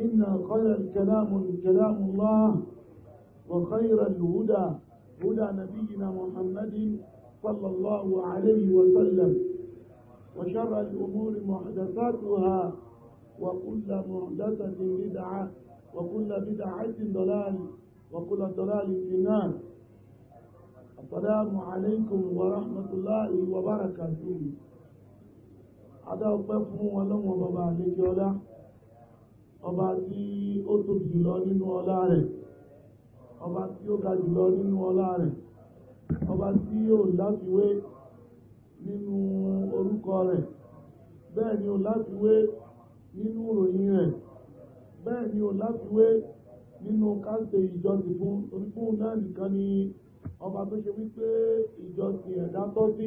إن قال الكلام كلام الله وخير الهدى هدى نبينا محمد صلى الله عليه وسلم وشر الأمور محدثاتها وكل محدثة بدعة وكل بدعة ضلال وكل ضلال في النار السلام عليكم ورحمة الله وبركاته هذا أقف ولم وبابا لك ọba tí ó tóbi jùlọ nínú ọlá rẹ̀ ọba tí ó ga jùlọ nínú ọlá rẹ̀ ọba tí ó láfiwé nínú orúkọ rẹ̀ bẹ́ẹ̀ ni ó láfiwé nínú ìròyìn rẹ̀ bẹ́ẹ̀ ni ó láfiwé nínú káṣe ìjọsìn fún orífún náà nìkan ni ọba tó ṣe wípé ìjọsìn ẹ̀dá tọ́ sí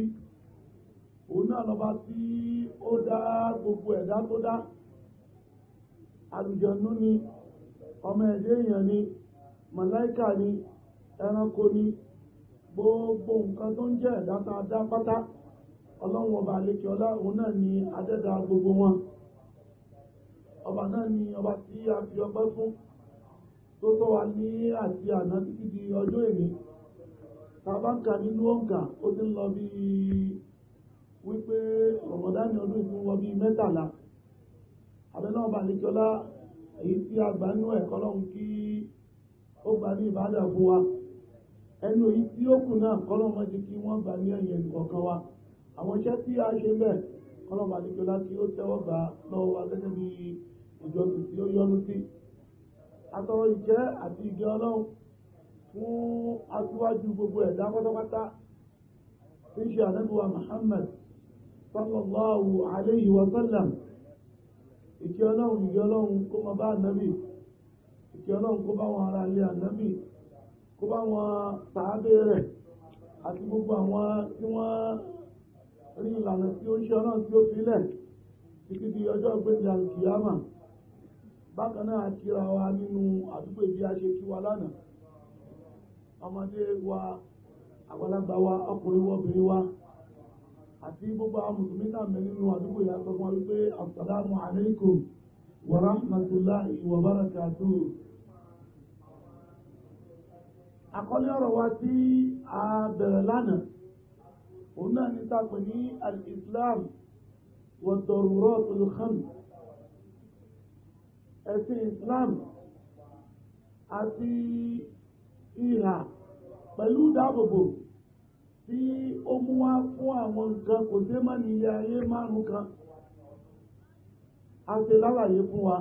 òun náà lọba tí ó dá gbogbo ẹ̀dá tó dá àlùjọ̀nnú ni ọmọ ẹ̀dẹ́ èèyàn ni màláìkà ni ẹranko ni gbogbo nǹkan tó ń jẹ́ ẹ̀dá tá a dá pátá ọlọ́run ọba àlejò ọlá òun náà ni adẹ́dá gbogbo wọn ọba náà ni ọba tí a fi ọpẹ́ fún tó tọ́ wa ní àti àná títí di ọjọ́ èmi tàbáǹkà nínú òǹkà ó ti ń lọ bí wípé ọ̀mọ̀dá ni ọdún ìfún wọn bí mẹ́tàlá àbẹ́lẹ́ ọba àlejọ́lá èyí tí a gbà nínú ẹ̀kọ́ lọ́hùn kí ó gbà ní ìbádà fún wa ẹnu èyí tí ó kù náà kọ́lọ́mọ ti kí wọ́n gbà ní ẹ̀yìn ẹnìkọ̀ọ̀kan wa àwọn iṣẹ́ tí a ṣe bẹ́ẹ̀ kọ́lọ́mọ àlejọ́lá tí ó tẹ́wọ́ gbà lọ́wọ́ wa gẹ́gẹ́ bí ìjọsìn tí ó yọ́nú sí atọrọ ìjẹ́ àti ìgẹ́ ọlọ́run fún aṣíwájú gbogbo ẹ̀dá pátápátá tí ń ṣe ànábì wa Muhammad sallallahu alayhi wa sallam ìkẹ́ ọlọ́run ìkẹ́ ọlọ́run kó máa bá ànábì ìkẹ́ ọlọ́run kó bá wọn ará ilé ànábì kó bá wọn sàábé rẹ̀ àti gbogbo àwọn tí wọ́n rí ìlànà tí ó ń ṣe ọlọ́run tí ó filẹ̀ títí di ọjọ́ ìgbésí àlùkìyàmà bákan náà kíra wa nínú àdúgbò bí a ṣe kí wa lánàá ọmọdé wa àgbàlagbà wa ọkùnrin wa wa àti gbogbo àwọn mùsùlùmí náà mẹ́ nínú àdúgbò yà sọ fún wa wípé assalamu alaikum wa rahmatullahi wa barakatuh àkọlé ọ̀rọ̀ wa tí a bẹ̀rẹ̀ lánàá òun náà ní tàpẹ̀ tí ó mú wá fún àwọn nǹkan kò sé mọ́ ní ayé márùn-ún kan a ṣe lálàyé fún wa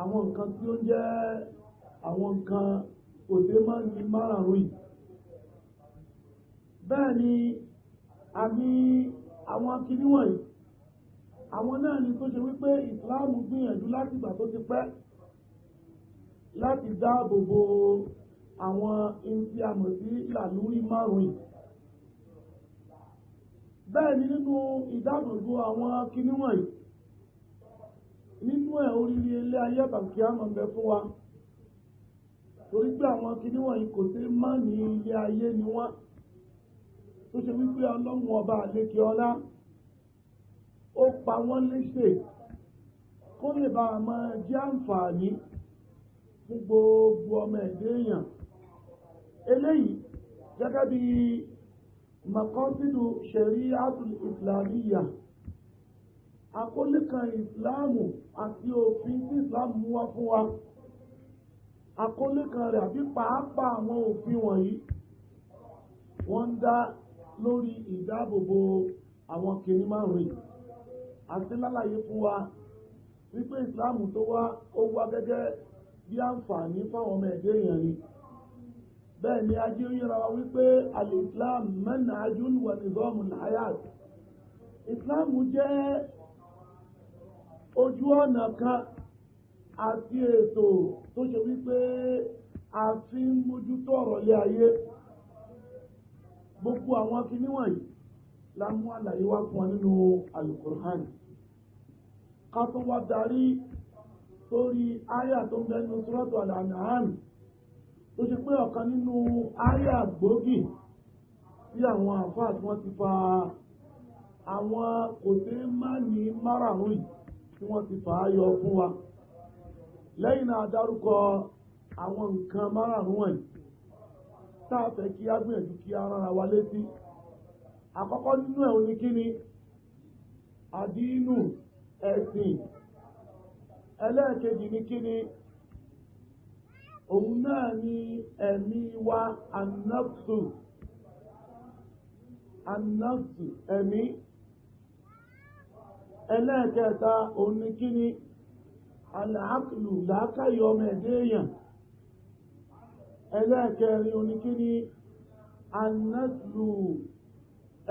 àwọn nǹkan tí ó jẹ́ àwọn nǹkan kò sé mọ́ ní márùn-ún yìí bẹ́ẹ̀ ni a ní àwọn akíní wọ̀nyí àwọn náà ni tó ṣe wípé ìsìláàmù gbìyànjú láti ìgbà tó ti pẹ́ láti dáàbò bo àwọn ibi àmọ̀ sí làlúrí márùn-ún bẹ́ẹ̀ ni nínú ìdáàbòbò àwọn kinní wọ̀nyí nínú ẹ̀ oríire ilé ayé bàkí àmọ̀ bẹ fún wa torí pé àwọn kinní wọ̀nyí kò sí má ní ilé ayé ni wọ́n tó ṣe wípé ọlọ́run ọba àlékè ọlá ó pa wọ́n léṣe kó lè bá a máa jẹ́ àǹfààní fún gbogbo ọmọ ẹ̀dẹ́ èèyàn eléyìí gẹ́gẹ́ bí makọ́sídù shari'atul islamiyya akólíkan ìsìláàmù àti òfin tí ìsìláàmù mú wá fún wa akólíkan rẹ̀ àbí pàápàá àwọn òfin wọ̀nyí wọ́n ń dá lórí ìdáàbòbò àwọn kìnní márùn yìí àti lálàyé fún wa wípé ìsìláàmù tó wá ó wá gẹ́gẹ́ bí àǹfààní fáwọn ọmọ ẹ̀dẹ́ èèyàn ni bẹ́ẹ̀ ni ajé yíra wa wípé al-islam manhajun wa nizamun hayat islam jẹ́ ojú ọ̀nà kan àti ètò tó ṣe wípé a fi ń mójútó ọ̀rọ̀ lé ayé gbogbo àwọn kinní wọ̀nyí la mú àlàyé wá fún wa nínú alukur'an ká tó wá darí sórí àyà tó ń bẹ nínú sọ́rọ́tò al-an'am tó ṣe pé ọ̀kan nínú áríà gbòógì tí àwọn àfáà tí wọ́n ti fa àwọn kò sí má ní márààrún yìí tí wọ́n ti fà á yọ fún wa lẹ́yìn náà dárúkọ àwọn nǹkan márààrún wọ̀nyí tá a fẹ́ kí á gbìyànjú kí á rárá wa létí àkọ́kọ́ nínú ẹ̀ òní kí ni àdínù ẹ̀sìn ẹlẹ́ẹ̀kejì ní kí ni. òun náà ni ẹ̀mí wa anọ́tù anọ́tù ẹ̀mí ẹlẹ́ẹ̀kẹta òun ni kí ni aláàkùlù làákàyè ọmọ ẹ̀dẹ́ èèyàn ẹlẹ́ẹ̀kẹrin òun ni kí ni anọ́tù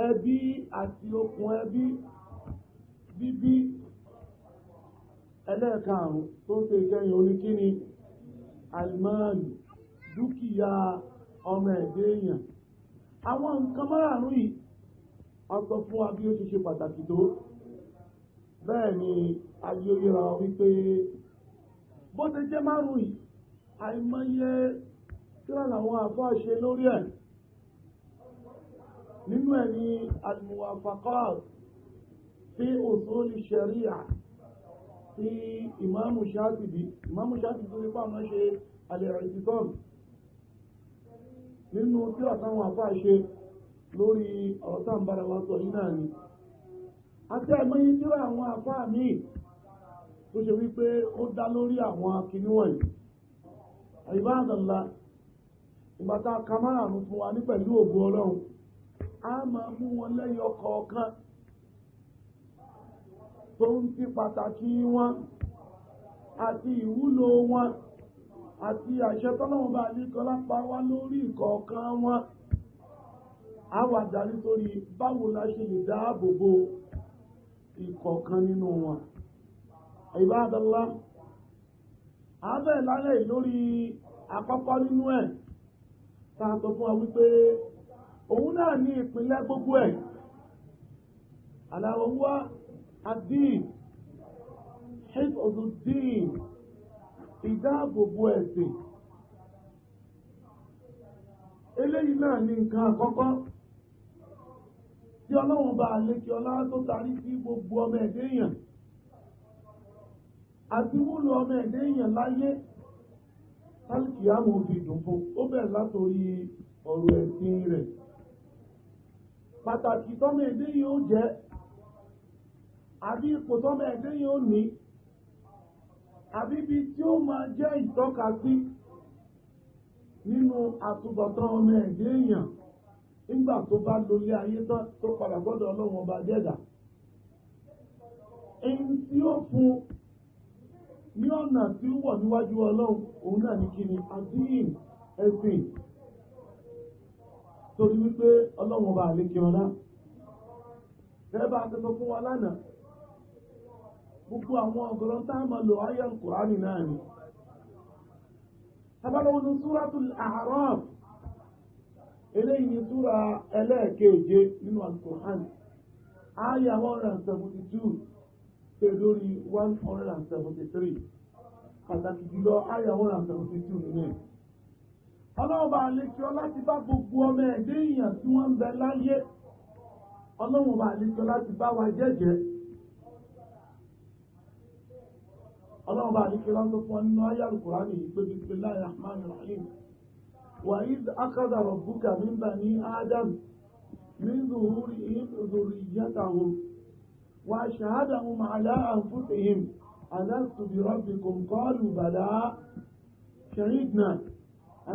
ẹbí àti okùn ẹbí bíbí ẹlẹ́ẹ̀karùn-ún tó ń ṣe ìkẹyìn òun ni kí almanu dúkìá ọmọ ẹ̀dẹ́ èèyàn àwọn nǹkan márààrún yìí ọgbọ́n fún wa bí ó ti ṣe pàtàkì tó bẹ́ẹ̀ ni ayóyẹra wípé bó ṣe jẹ́ márùn yìí àìmọye tíra làwọn àfọ́ ṣe lórí ẹ̀ nínú ẹ̀ ni almuwafaqat fi usuli sharia sí ìmáàmù ṣáàtìbí ìmáàmù ṣáàtìbí nípa mọ́ ṣe alẹ́ ìtìkọ́m nínú tí àtàwọn àfáà ṣe lórí ọ̀tá ìbára wa sọ yìí náà ni àti àìmọye tí ó àwọn àfáà míì tó ṣe wípé ó dá lórí àwọn akíní wọ̀nyí àyíbáàdàlá ìgbà tá a ka márùn-ún fún wa ní pẹ̀lú ògo ọlọ́run a máa mú wọn lẹ́yọ kọ̀ọ̀kan tó ń fi pàtàkì wọn àti ìwúlò wọn àti àṣẹ tọ́lọ́wọ́n bá níkọlá pa wá lórí ìkọ̀ọ̀kan wọn a wà dá nítorí báwo la ṣe lè dáàbò bo ìkọ̀ọ̀kan nínú wọn ìbádọ́lá abẹ́ lálẹ́ lórí àkọ́kọ́ nínú ẹ̀ tààtọ̀ fún wa wípé òun náà ní ìpínlẹ̀ gbogbo ẹ̀ aláwọ̀ wá الدين حفظ الدين ìdáàbòbò ẹ̀sìn eléyìí náà ni nǹkan àkọ́kọ́ tí ọlọ́run bá lékè ọlá tó tarí sí gbogbo ọmọ ẹ̀dẹ́ èèyàn àti wúlò ọmọ ẹ̀dẹ́ èèyàn láyé tálíkì àmọ́ fi dùn fún ó bẹ̀rẹ̀ látòrí ọ̀rọ̀ ẹ̀sìn rẹ̀ pàtàkì tọ́mọ ẹ̀dẹ́ yìí ó jẹ́ àbí ipò tọ́mọ ẹ̀dẹ́ yóò ní àbí ibi tí ó máa jẹ́ ìtọ́ka sí nínú àtúbọ̀tán ọmọ ẹ̀dẹ́ èèyàn nígbà tó bá lórí ayé tán tó padà gbọ́dọ̀ ọlọ́run ọba jẹ́dà ẹni tí ó fún ní ọ̀nà tí ó wọ̀ níwájú ọlọ́run òun náà ní kíni àdíyìn ẹ̀sìn torí wípé ọlọ́run ọba àlékè ọlá bẹ́ẹ̀ bá a ti fún wa lánàá gbogbo àwọn ọ̀gọ̀rọ̀ tá a máa lò ayọ̀ kùránì náà ni tabalọ́wọ́n ní súrátù A'raf eléyìí ní súra ẹlẹ́ẹ̀keje nínú 172 pé lórí 173 pàtàkì jùlọ ayà 172 nìyẹn ọlọ́ọ̀bà àlejò láti bá gbogbo ọmọ ẹ̀dẹ́ èèyàn tí wọ́n ń bẹ láyé ọlọ́wọ̀n bá àlejò láti bá wa jẹ́jẹ́ الله بعد كلام لقمان انه آية القران بسم الله الرحمن الرحيم واذ اخذ ربك من بني ادم من ظهورهم ذريتهم واشهدهم على انفسهم الست بربكم قالوا بلى شهدنا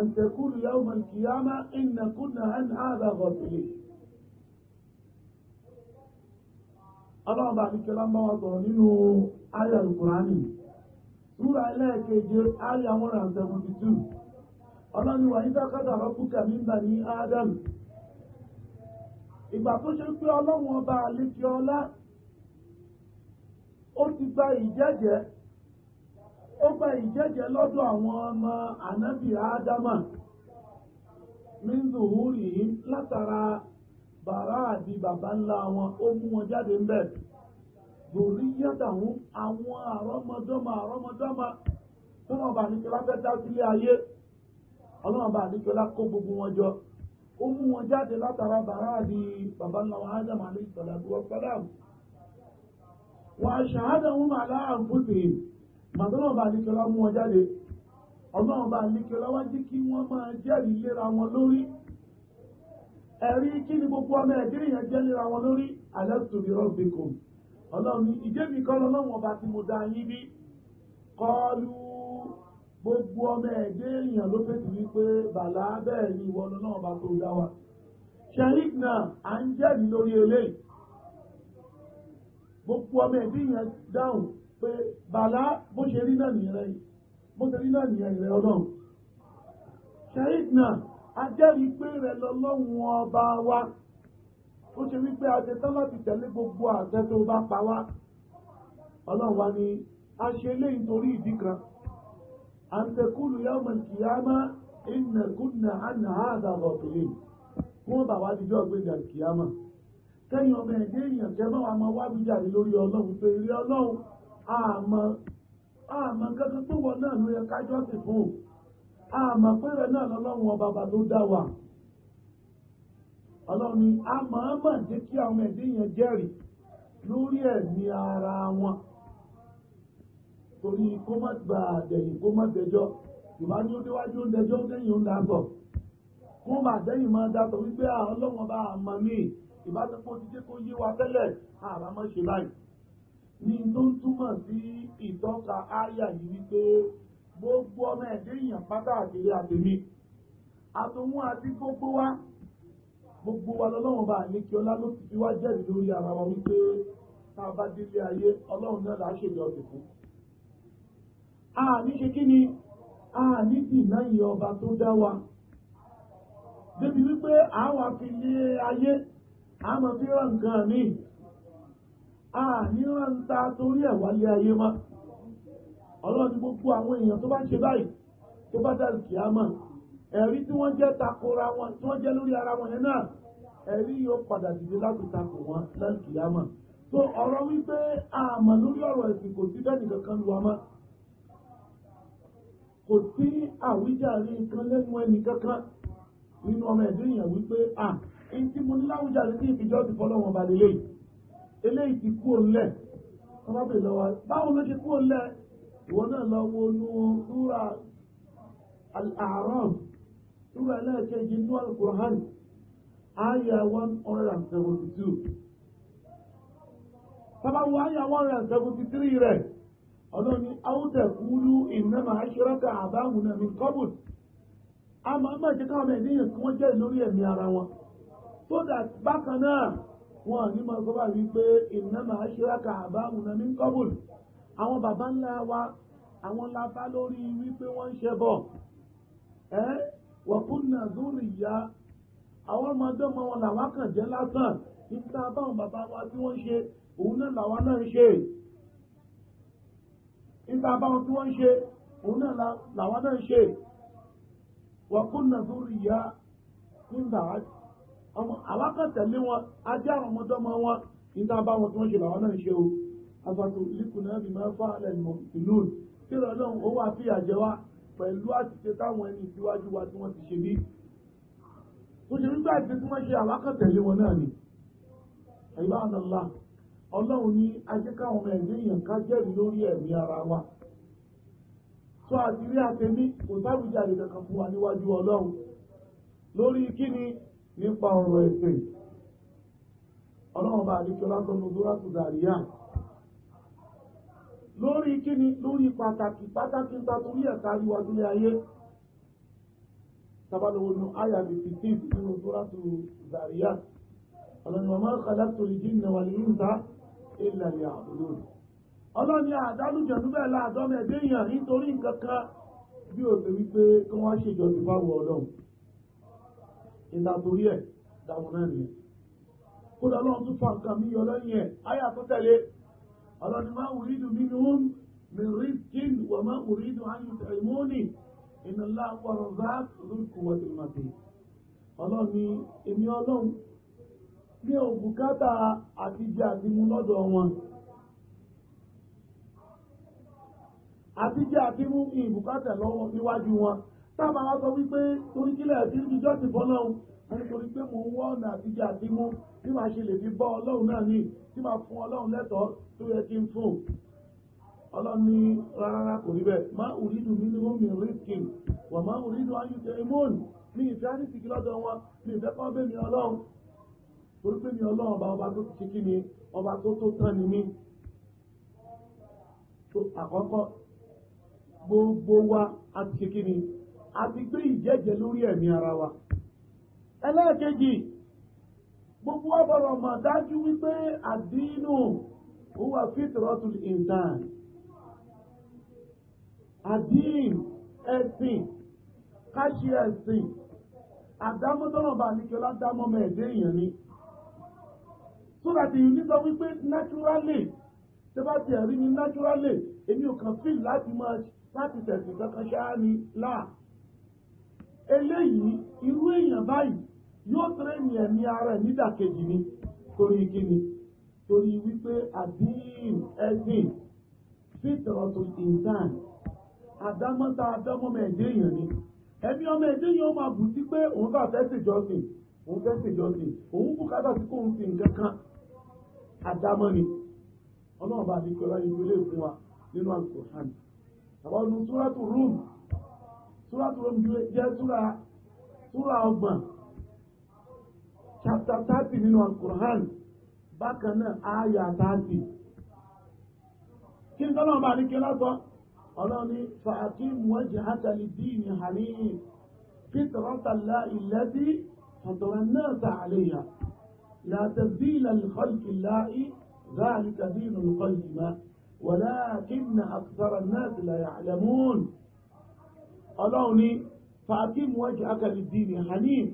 ان تكون يوم القيامه ان كنا عن هذا غافلين الله بعد كلام ما وضعوا منه على آية القران súra ẹlẹ́ẹ̀keje aya one hundred seventy two ọlọ́niwà yíká kádà rọ́bùkà mímbà ní ádámù ìgbà tó ṣe pé ọlọ́run ọba àlejò ọlá ó ti gba ìjẹ́jẹ́ gba ìjẹ́jẹ́ lọ́dọ̀ àwọn ọmọ ànábì ádámà míńdù húrì látara bàrá àti bàbá ńlá wọn ó mú wọn jáde lórí yẹ́dàhún àwọn àrọ́mọdọ́mọ àrọ́mọdọ́mọ tọ́wọ́n bá níjọlá fẹ́ dá sílé ayé ọlọ́wọ́n bá níjọlá kó gbogbo wọn jọ ó mú wọn jáde látara bàrá àbí bàbá ńlá wọn ádámù àlẹ́ ìsọ̀lá bí wọ́n pẹ́lá wọn àṣàhádà wọn máa láàrín fúnpẹ̀ màtọ́wọ́n bá níjọlá mú wọn jáde ọlọ́wọ́n bá níjọlá wá jí kí wọ́n máa jẹ́rìí léra wọn lórí ẹ̀rí kí ni gbogbo ọmọ ẹ̀dínìyàn jẹ́ léra wọn lórí alastu bi rabbikum ọlọ́run ní ìjẹ́bi kọ́ lọ́lọ́run ọba tí mo dá yín bí kọlu gbogbo ọmọ ẹ̀dẹ́ èèyàn ló fèsì wípé bàlá bẹ́ẹ̀ ni ìwọ ọlọ́run ọba tó dá wa sheriff náà à ń jẹ́bi lórí eléyìí gbogbo ọmọ ẹ̀dẹ́ èèyàn dáhùn pé bàlá bó ṣe rí náà nìyẹn rẹ̀ bó ṣe rí náà nìyẹn rẹ̀ ọlọ́run sheriff náà a jẹ́bi pé rẹ̀ lọ́lọ́run ọba wa. ó ṣe wípé a tán láti tẹ̀lé gbogbo àṣẹ tó bá pa wá ọlọ́run ni a ṣe léyìn torí ìdí kan an taqulu yawmal qiyamah inna kunna an hadha ghafilin wọ́n bà wá díjọ́ gbéjà kìámà kẹ́yìn ọmọ èèyàn jẹ́ bá wa máa wá bí jáde lórí ọlọ́run pé ilé ọlọ́run àmọ́ àmọ́ kankan tó wọ náà ló yẹ kájọ́ sì fún àmọ́ pẹ́rẹ́ náà lọ́lọ́run ọba bá dá wa. ọlọ́run ni a máa mà jẹ́ kí àwọn ẹ̀dẹ́ yẹn jẹ́rìí lórí ẹ̀mí ara wọn torí kó má gba àdẹ̀yìn kó má dẹjọ́ ìwà ní ó déwájú ń dẹjọ́ lẹ́yìn ó ń dàgbọ̀ kó má dẹ́yìn máa dàgbọ̀ wípé ọlọ́run bá a mọ̀ mí ìbáṣepọ̀ ti jẹ́ kó yé wa tẹ́lẹ̀ àbá má ṣe báyìí ní tó ń túmọ̀ sí ìtọ́ka áyà yìí wípé gbogbo ọmọ ẹ̀dẹ́ èèyàn pátá àtìrí àtèmi àtòun àti gbogbo wa gbogbo wa lọ́lọ́run bá ní kí ọlá ló ti fi wá jẹ́rìí lórí ara wa wípé tá a bá délé ayé ọlọ́run náà là á ṣèlú fún. a ní ṣe kí ni a ní dìnnà yìí ọba tó dá wa débi wípé àwa fi lé ayé àmọ́ fi rán nǹkan mi a ní rántá torí ẹ̀ wálé ayé mọ́ ọlọ́run ní gbogbo àwọn èèyàn tó bá ṣe báyìí tó bá dá ìkìá mọ́ ẹ̀rí tí wọ́n jẹ́ takora wọn tí wọ́n jẹ́ lórí ara wọn yẹn náà ẹ̀rí yóò padà dìde láti takò wọn lẹ́ǹkì yámà so ọ̀rọ̀ wípé àmọ́ lórí ọ̀rọ̀ ẹ̀sìn kò sí bẹ́ẹ̀ nìkan kan lu ọmọ kò sí àwíjàre nǹkan lẹ́nu ẹnì kankan nínú ọmọ ẹ̀dẹ́ èèyàn wípé à èyí tí mo ní láwùjáde tí ìfìjọ́ ti fọ́lọ́ wọn balẹ̀ lẹ́yìn eléyìí ti kú òǹlẹ̀ wọ́n bá bèèrè lọ́wọ́ báwo ló ṣe kú súra ẹlẹ́ẹ̀kejì inú alukur'an àyà one hundred and seventy two sábàwọ àyà one hundred and seventy three rẹ̀ àbáhùn náà mi kọ́bùt àmọ́ àmọ́ ìjẹ́ká ọmọ ènìyàn tí wọ́n jẹ́ lórí ẹ̀mí ara wọn so that bákan náà wọn ní máa sọ báyìí pé ìnáma aṣọ́rọ́kà àbáhùn náà mi kọ́bùt àwọn bàbá ńlá wa àwọn lábá lórí wípé wọ́n ń ṣe ẹ́ wọ̀kúnnà zúrì yá àwọn ọmọdé ọmọ wọn làwọn kàn jẹ́ lásán níta báwọn bàbá wa tí wọ́n ṣe òun náà làwọn náà ń ṣe níta báwọn tí wọ́n ṣe òun náà làwọn náà ń ṣe wọ̀kúnnà zúrì yá nígbà ọmọ alákàtẹ̀lé wọn ajá àwọn ọmọdé ọmọ wọn níta báwọn tí wọ́n ṣe làwọn náà ń ṣe o àfàtò ìlú kùnà bí máa fà lẹ́nu ìlú kí lọ́dọ̀ owó pẹ̀lú àṣìṣe táwọn ẹni ìṣíwájú wa tí wọ́n ti ṣe bí tó ṣe nígbà tí wọ́n ṣe àwákàtẹ̀lé wọn náà ni àyíbáwọ̀nàlá ọlọ́run ní ajẹ́káwọn ẹ̀dẹ́ èèyàn ká jẹ́rìí lórí ẹ̀mí ara wa tó àti rí àtẹ̀mí kò sábìjáde kankan fún wa níwájú ọlọ́run lórí kíni nípa ọ̀rọ̀ ẹ̀sìn ọlọ́run bá àdékọ́lá lórí kíni lórí pàtàkì pàtàkì ń tàtúrí ẹ̀ka ìwájú ní ayé tabalówó nu àyà bíi fifteen nínú sóràtù Zariyat ọlọ́ni wa ma khalaqtul jinna wal insa illa liya'budun ọlọ́ni àdálùjẹ̀nu bẹ́ẹ̀ láàdọ́mẹ̀ déèyàn nítorí nǹkan kan bí ó ṣe wípé kí wọ́n ṣèjọba fáwọn ọlọ́run ìtàtòrí ẹ̀ dáwọn náà nìyẹn kódà ọlọ́run tún fa nǹkan mí yọ lẹ́yìn ẹ̀ àyà tó tẹ̀lé ọlọ́dún máa wùrí dùn mí nù mí rí kín wà máa wùrí dùn ayé tẹ̀mọ́nì iná láwọ̀rọ̀ zák lókù wọ́n ti máa dé ọlọ́ni èmi ọlọ́run ní òbúkátà àti jẹ àtimu lọ́dọ̀ wọn àti jẹ àtimu ní ìbùkátà lọ́wọ́ níwájú wọn táàbà wá sọ wípé torí kílẹ̀ tí ń jọ́ bọ́ lọ́hùn nítorí pé mò ń wọ́ ọ̀nà àti jẹ bí màá ṣe lè fi bọ́ ọlọ́run náà ní tí máa fún ọlọ́run lẹ́tọ̀ọ́ tó yẹ kí n fún ọlọ́run ní rárá kò rí bẹ́ẹ̀ má uridu minhum min rizqin wa má uridu an yut'imun ní ìfẹ́ àdìsíkí lọ́dọ̀ wọn ní ìfẹ́ kan bẹ́ẹ̀ mi ọlọ́run torí pé mi ọlọ́run ọba ọba tó ti kí ni ọba tó tó tán ni mí àkọ́kọ́ gbogbo wa a ti kí ni a ti gbé ìjẹ́jẹ́ lórí ẹ̀mí ara wa ẹlẹ́ẹ̀kejì gbogbo wa bọ̀rọ̀ mọ̀ dájú wípé àdínú huwa fitratul insan àdín ẹ̀sìn káṣí ẹ̀sìn àdámọ́tọ́nàbà níkẹ́lá dámọ́ mẹ́ẹ̀dẹ́ èèyàn ni so that you need to wípé naturally tí bá ti ẹ̀rí mi naturally èmi ò kàn fíìl láti máa láti tẹ̀sìn kankan ṣáá ni láà eléyìí irú èèyàn báyìí yóò tẹ́rẹ̀mì ẹ̀mí ara ẹ̀ nídàkejì ni torí kíni torí wípé àdín ẹ̀sìn fìtọ̀rọ̀tò ìsàn àdámọ́ta àdámọ́mọ ẹ̀dẹ́ èèyàn ni ẹ̀mí ọmọ ẹ̀dẹ́ yìí máa bù sí pé òun bá fẹ́ ṣèjọ́sìn òun fẹ́ òun sí kóun fi nǹkan kan àdámọ́ ni ọlọ́run bá ti kọ́ra ìlú ilé fún wa nínú al ọdún jẹ́ ọgbọ̀n chapter thirty nínú alukur'an bákan náà àyà thirty kí n tọ́lọ́ bá ní kí lọ́sọ ọlọ́ni fàákì mọ́jì hátàlì díìnì hàníyìn fìtìrọ́tàlá ìlẹ́bí fọ̀tọ̀rọ̀ náà ta àléyà látàbílà lùkọ́lùkì láì ذلك دين القيمة ولكن أكثر الناس لا يعلمون ọlọ́run ni fàákì mọ́jì hátàlì díìnì hàníyìn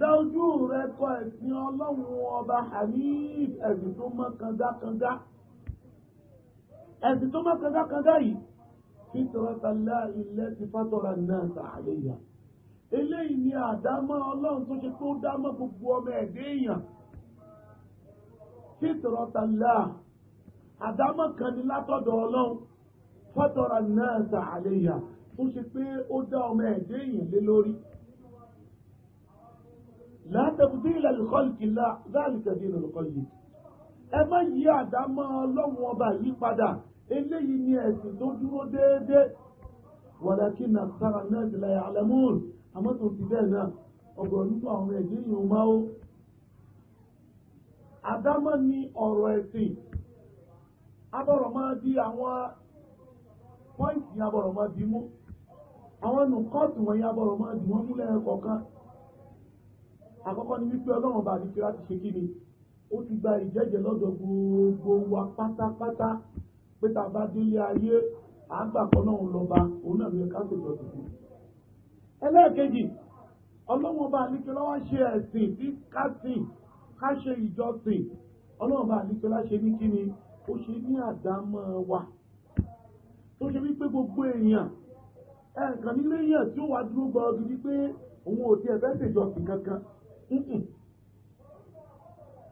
dájú rẹ kọ ẹ̀sìn ọlọ́run ọba hamid ẹ̀sìn tó mọ́ kandákandá ẹ̀sìn tó mọ́ kandákandá yìí fítọ́rọ̀tàlá ilẹ̀ ti fátọ́ra náà sàárẹ̀yà eléyìí ni àdámọ́ ọlọ́run tó ṣe tó dámọ́ gbogbo ọmọ ẹ̀dẹ́ èèyàn fítọ́rọ̀tàlá àdámọ́ kan ní látọ̀dọ̀ ọlọ́run fátọ́ra náà sàárẹ̀yà tó ṣe pé ó dá ọmọ ẹ̀dẹ́ èèyàn lé lórí لا تبديل لخلق الله ذلك دين القيم ẹ má yí àdámọ́ ọlọ́run ọba yìí padà eléyìí ni ẹ̀sìn tó dúró déédéé walakin akthara an-nas la ya'lamun àmọ́ tó ti bẹ́ẹ̀ náà ọ̀gọ̀rọ̀ nínú àwọn ẹ̀dẹ́ yìí máa ó àdámọ́ ni ọ̀rọ̀ ẹ̀sìn abọ̀rọ̀ máa di àwọn pọ́ìntì abọ̀rọ̀ máa di mú àwọn nù kọ́ọ̀tù wọ̀nyí abọ̀rọ̀ máa di wọ́n múlẹ̀ kọ̀ọ̀kan àkọ́kọ́ ni wípé ọlọ́run bá àdìkíra ti ṣe kí ni ó ti gba ìjẹ́jẹ́ lọ́dọ̀ gbogbo wa pátápátá pé tá a bá délé ayé àgbàkọ́ náà ń lọ́ba òun náà ló yẹ lọ dùn. ẹlẹ́ẹ̀kejì ọlọ́run bá àdìkíra wá ṣe ẹ̀sìn tí ká sìn ìjọsìn ọlọ́run bá àdìkíra ṣe ní kí ó ṣe ní àdámọ́ wa tó ṣe wípé gbogbo èèyàn ẹ̀ẹ̀kan nílé èèyàn tí ó wà dúró gbọ́ọ́gì wípé òun ò tiẹ̀ fẹ́ ṣèjọsìn kankan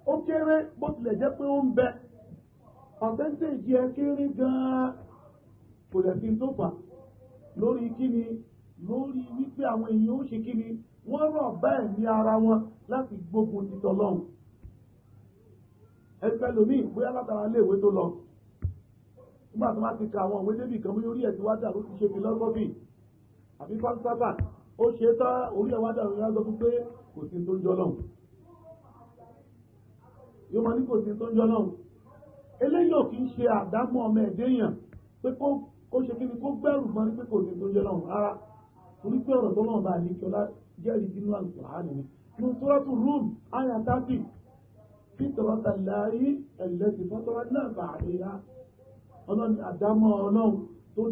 ó kéré bó tilẹ̀ jẹ́ pé ó ń bẹ ọ̀tẹ́ntẹ́jì ẹ kéré gan-an kò dẹ̀ fi tó fà lórí kíni lórí wípé àwọn èèyàn ó ṣe kíni wọ́n rọ̀ bẹ́ẹ̀ ní ara wọn láti gbógun ti tọ́lọ́hùn ẹgbẹ́ lomi bóyá látara iléèwé tó lọ nígbà tó wá ti ka àwọn òwe débì kan mú lórí ẹ̀ tí wá ló ti ṣe fi lọ́gbọ́bì àbí pásítọ́bà ó ṣe tán orí ẹwà dàrú ní aṣọ pé kò sí tó ń jọ lọ́hùn yóò máa ní kò sí tó ń jọ lọ́hùn eléyìí ò kì í ṣe àdámọ́ ọmọ ẹ̀dẹ́yàn pé kó ó ṣe kí ni kó gbẹ̀rù mọ́ ní pé kò sí tó ń jẹ́ lọ́run rárá torí pé ọ̀rọ̀ tó lọ́run bá ní kí ọlá jẹ́rìí sínú àlùkùránì ni inú sọ́rọ́tù rúùm àyà tábì kí tọ̀rọ̀tà láàyè ẹ̀lẹ́sìn tó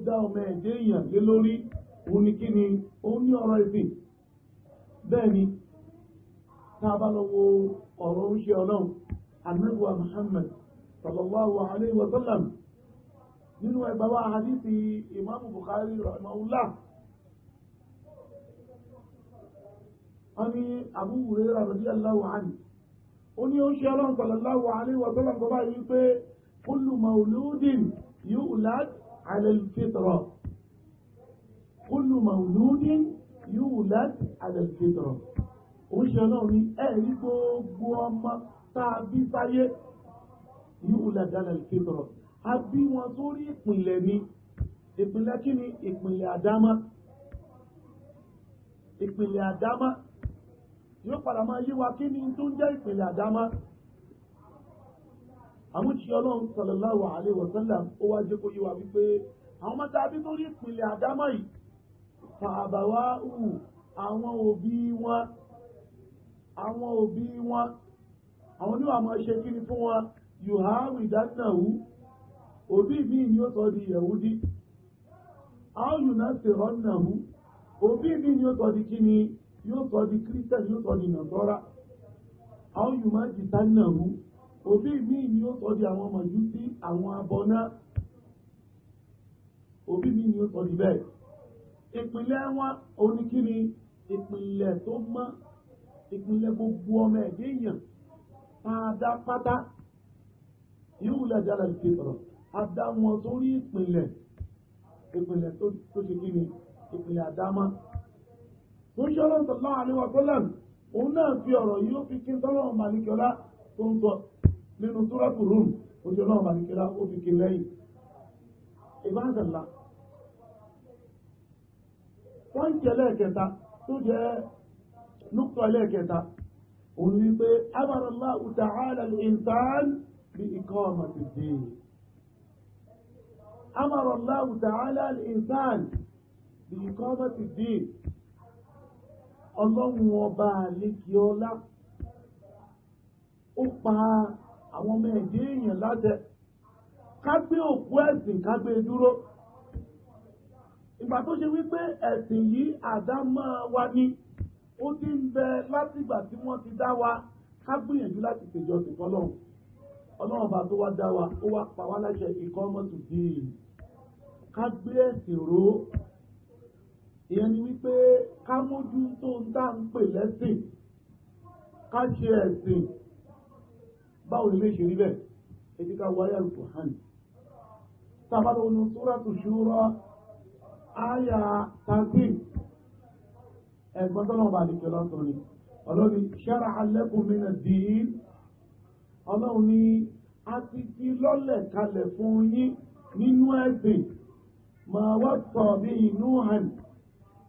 dá ọmọ ẹ̀dẹ́ èèyàn lé lórí òun ni kí ni òun ní ọ̀rọ̀ ìsìn bẹ́ẹ̀ ni tá a bá lọ wo ọ̀rọ̀ oúnjẹ ọlọ́run ànábùwà Muhammad sallallahu alayhi wa sallam nínú ẹgbà wa hadithi imamu Bukhari rahimahullah wọ́n ní Abu Hurairah radiyallahu anhu ó ní oúnjẹ ọlọ́run sallallahu alayhi wa sallam kọ́ báyìí pé kullu mauludin yulad ala al-fitra كل màlúùdín yóò láti àdàlùfẹ́tọ̀rọ̀ oúnjẹ náà ní ẹ̀rí gbogbo ọmọ tá a bí sáyé yóò láti àdàlùfẹ́tọ̀rọ̀ a bí wọn sórí ìpìlẹ̀ ni ìpìlẹ̀ kí ni ìpìlẹ̀ àdámá ìpìlẹ̀ àdámá yóò padà máa yé wa kí ni tó ń jẹ́ ìpìlẹ̀ àdámá àmúṣe ọlọ́run sallallahu alaihi wasallam ó wá jẹ́ kó yé wa wípé àwọn mọ́ta bí sórí ìpìlẹ̀ àdámá yìí fàbàwá hù àwọn òbí wọn àwọn òbí wọn àwọn oníwà máa ṣe kí ni fún wọn dánàwú òbí mi ni ó sọ di yẹ̀wúdí áyù náà sì rọ́nàwú òbí mi ni ó sọ di kí ni yóò sọ di kírísítẹ̀ yóò sọ di nàtọ́ra áyù má ti dánàwú òbí mi ni ó sọ di àwọn mọ̀jú sí àwọn ni ó sọ di bẹ́ẹ̀. ìpìlẹ̀ wọn oníkíni ìpìlẹ̀ tó mọ́ ìpìlẹ̀ gbogbo ọmọ ẹ̀dẹ́ èèyàn pátápátá yóò lẹ́jà lẹ́nu fi sọ̀rọ̀ adá wọn sórí ìpìlẹ̀ ìpìlẹ̀ tó ṣe kíni ìpìlẹ̀ àdámọ́ tó ṣe ọ̀rọ̀ sọ̀lá àríwá sọ́lẹ̀m òun náà fi ọ̀rọ̀ yìí ó fi kí sọ́lọ́run màníkẹ́lá tó ń sọ nínú túrọ́pù rúùmù òṣèlú ọ̀rọ̀ ó fi kí lẹ́yìn ìbáṣẹ̀lá pọ́ǹtì ẹlẹ́ẹ̀kẹta tó jẹ́ nùkọ̀ ẹlẹ́ẹ̀kẹta òun wípé amàrànlá ta'ala insan bí ikọ́ ọmọ ti dé amàrànlá insan bí ikọ́ ọmọ ti dé ó pa àwọn ọmọ èèyàn ká gbé òkú ẹ̀sìn ká gbé e dúró ìgbà tó ṣe wípé ẹ̀sìn yìí àdámọ́ wa ni ó ti ń bẹ látìgbà tí wọ́n ti dá wa ká gbìyànjú láti pèjọ sí fọlọ́run ọlọ́run bá tó wá dá wa ó wá pa wá láṣẹ ikọ́ mọ́tò díì ká gbé ẹ̀sìn ró ìyẹn ni wípé ká mójú tó ń dá ń pè lẹ́sìn ká ṣe ẹ̀sìn báwo ni lè ṣe rí bẹ́ẹ̀ ètí ká wáyà lùtò hàn tábàlónú Suratu Shura áyà tàbí ẹ̀gbọ́n tó náà bá lè kẹ́ lọ́tọ̀ ni ọlọ́ni ṣẹ́ra alẹ́kùn mi nà dín ọlọ́run ni a ti fi lọ́lẹ̀ kalẹ̀ fún yín nínú ẹ̀sìn máa wá sọ bí inú hàn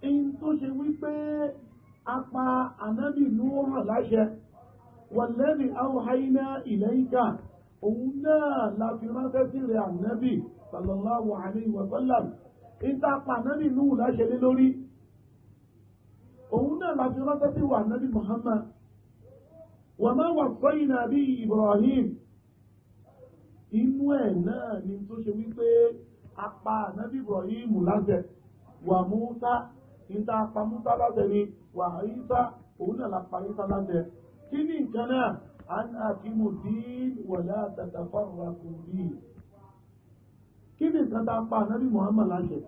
in tó ṣe wípé apá ànábì inú hàn láṣẹ wọ̀lẹ́ni áwòháyíná ìlẹ́yìnká òun náà la fi ránṣẹ́ sí rẹ̀ ànábì sallallahu alaihi wa ìtapà nábì Nuhu láṣẹlé lórí òun náà láti rọ́tẹ́ sí wà nábì Muhammad wà máa wà sọ́yìn nàbí Ibrahim inú ẹ̀ náà ni tó ṣe wípé apá nábì Ibrahim láṣẹ wà Musa ìta apá Musa ni wà Isa òun náà lápá Isa láṣẹ kí ni nǹkan náà an akimu dín wàlá tatafarraku dín kí ni nǹkan tá a pa ànábì Muhammad láṣẹ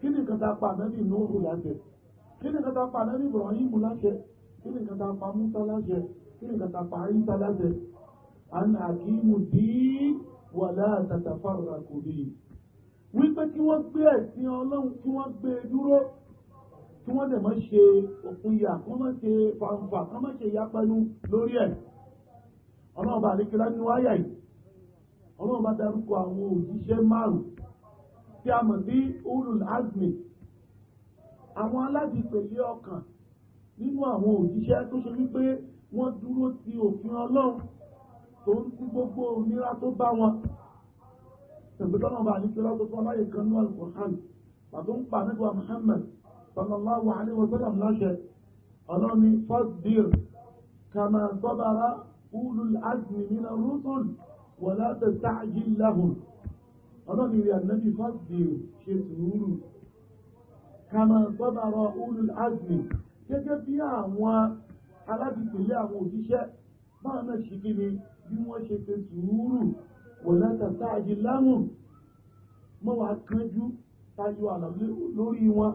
kí ni nǹkan tá a pa ànábì Nuhu láṣẹ kí ni nǹkan tá a pa ànábì Ibrahim láṣẹ kí ni nǹkan tá a pa Musa láṣẹ kí nǹkan tá a pa Isa láṣẹ an aqimu din wa la tatafarraqu bihi wípé kí wọ́n gbé ẹ̀sìn ọlọ́run kí wọ́n gbé e dúró kí wọ́n dẹ̀ mọ́ ṣe òfin yà kí wọ́n ṣe fanfa kí wọ́n mọ́ ṣe ìyapẹnu lórí ẹ̀ ọlọ́run bá àdékẹ́lá nínú wáyà yìí ọlọ́run bá dárúkọ àwọn òjíṣẹ́ márùn-ún tí a mọ̀ sí ulul azmi àwọn aládìpẹ̀lẹ́ ọkàn nínú àwọn òjíṣẹ́ tó ṣe wípé wọ́n dúró ti òfin ọlọ́run tó ń tí gbogbo òmìnira tó bá wọn tẹ̀gbẹ́tọ́nà bá ní kílọ́ tó tọ́ láyé kan ní al-Qur'an pàtó ń pa nígbà Muhammad sallallahu alaihi wa sallam láṣẹ ọlọ́run ní fasbir kama sabara ulul azmi mina rusul wọ̀lá tẹ̀sà yìláhùn ọlọ́run ìrìn ànábì fásitì ṣe sùúrù kàmá sọ́bàrọ̀ ulul azmi gẹ́gẹ́ bí àwọn aládìpẹ̀lẹ̀ àwọn òṣìṣẹ́ báwọn náà ṣe kí ni bí wọ́n ṣe ṣe sùúrù wọ̀lá tẹ̀sà yìláhùn mọ́ wàá kánjú tájú àlọ́ lórí wọn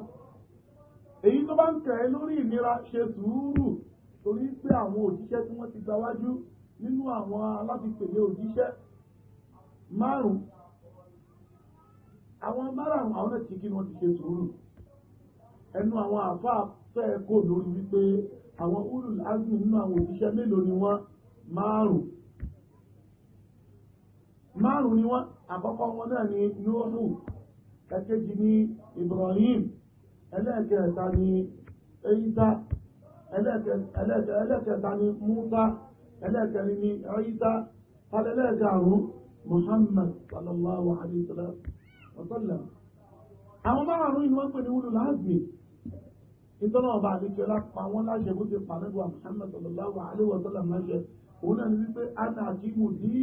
èyí tó bá ń kẹ̀ lórí ìnira ṣe sùúrù torí pé àwọn òṣìṣẹ́ tí wọ́n ti gbáwájú nínú àwọn alábìpèlé òjíṣẹ́ márùn-ún àwọn márùn-ún àwọn ẹ̀tì kí wọ́n ti ṣe sùúrù ẹnu àwọn àfáà fẹ́ kó lórí wípé àwọn ulul azmi nínú àwọn òjíṣẹ́ mélòó ni wọ́n márùn márùn ni wọ́n àkọ́kọ́ wọn náà ni nóòhù ẹ̀kejì ni Ibrahim ẹlẹ́ẹ̀kẹta ni Isa ẹlẹ́ẹ̀kẹta ni Musa ẹlẹ́ẹ̀kẹrin ní ọ̀yíta alẹ́lẹ́ẹ̀kẹrùn Muhammad sallallahu alayhi wa sallam àwọn márùn-ún ni wọ́n pè ní wúlò láàbì ìtọ́nà ọba àdéjọ lápá wọn láṣẹ bó ti pàlẹ́gbọ̀ Muhammad sallallahu alayhi wa sallam láṣẹ òun náà ní wípé ana àjímù dí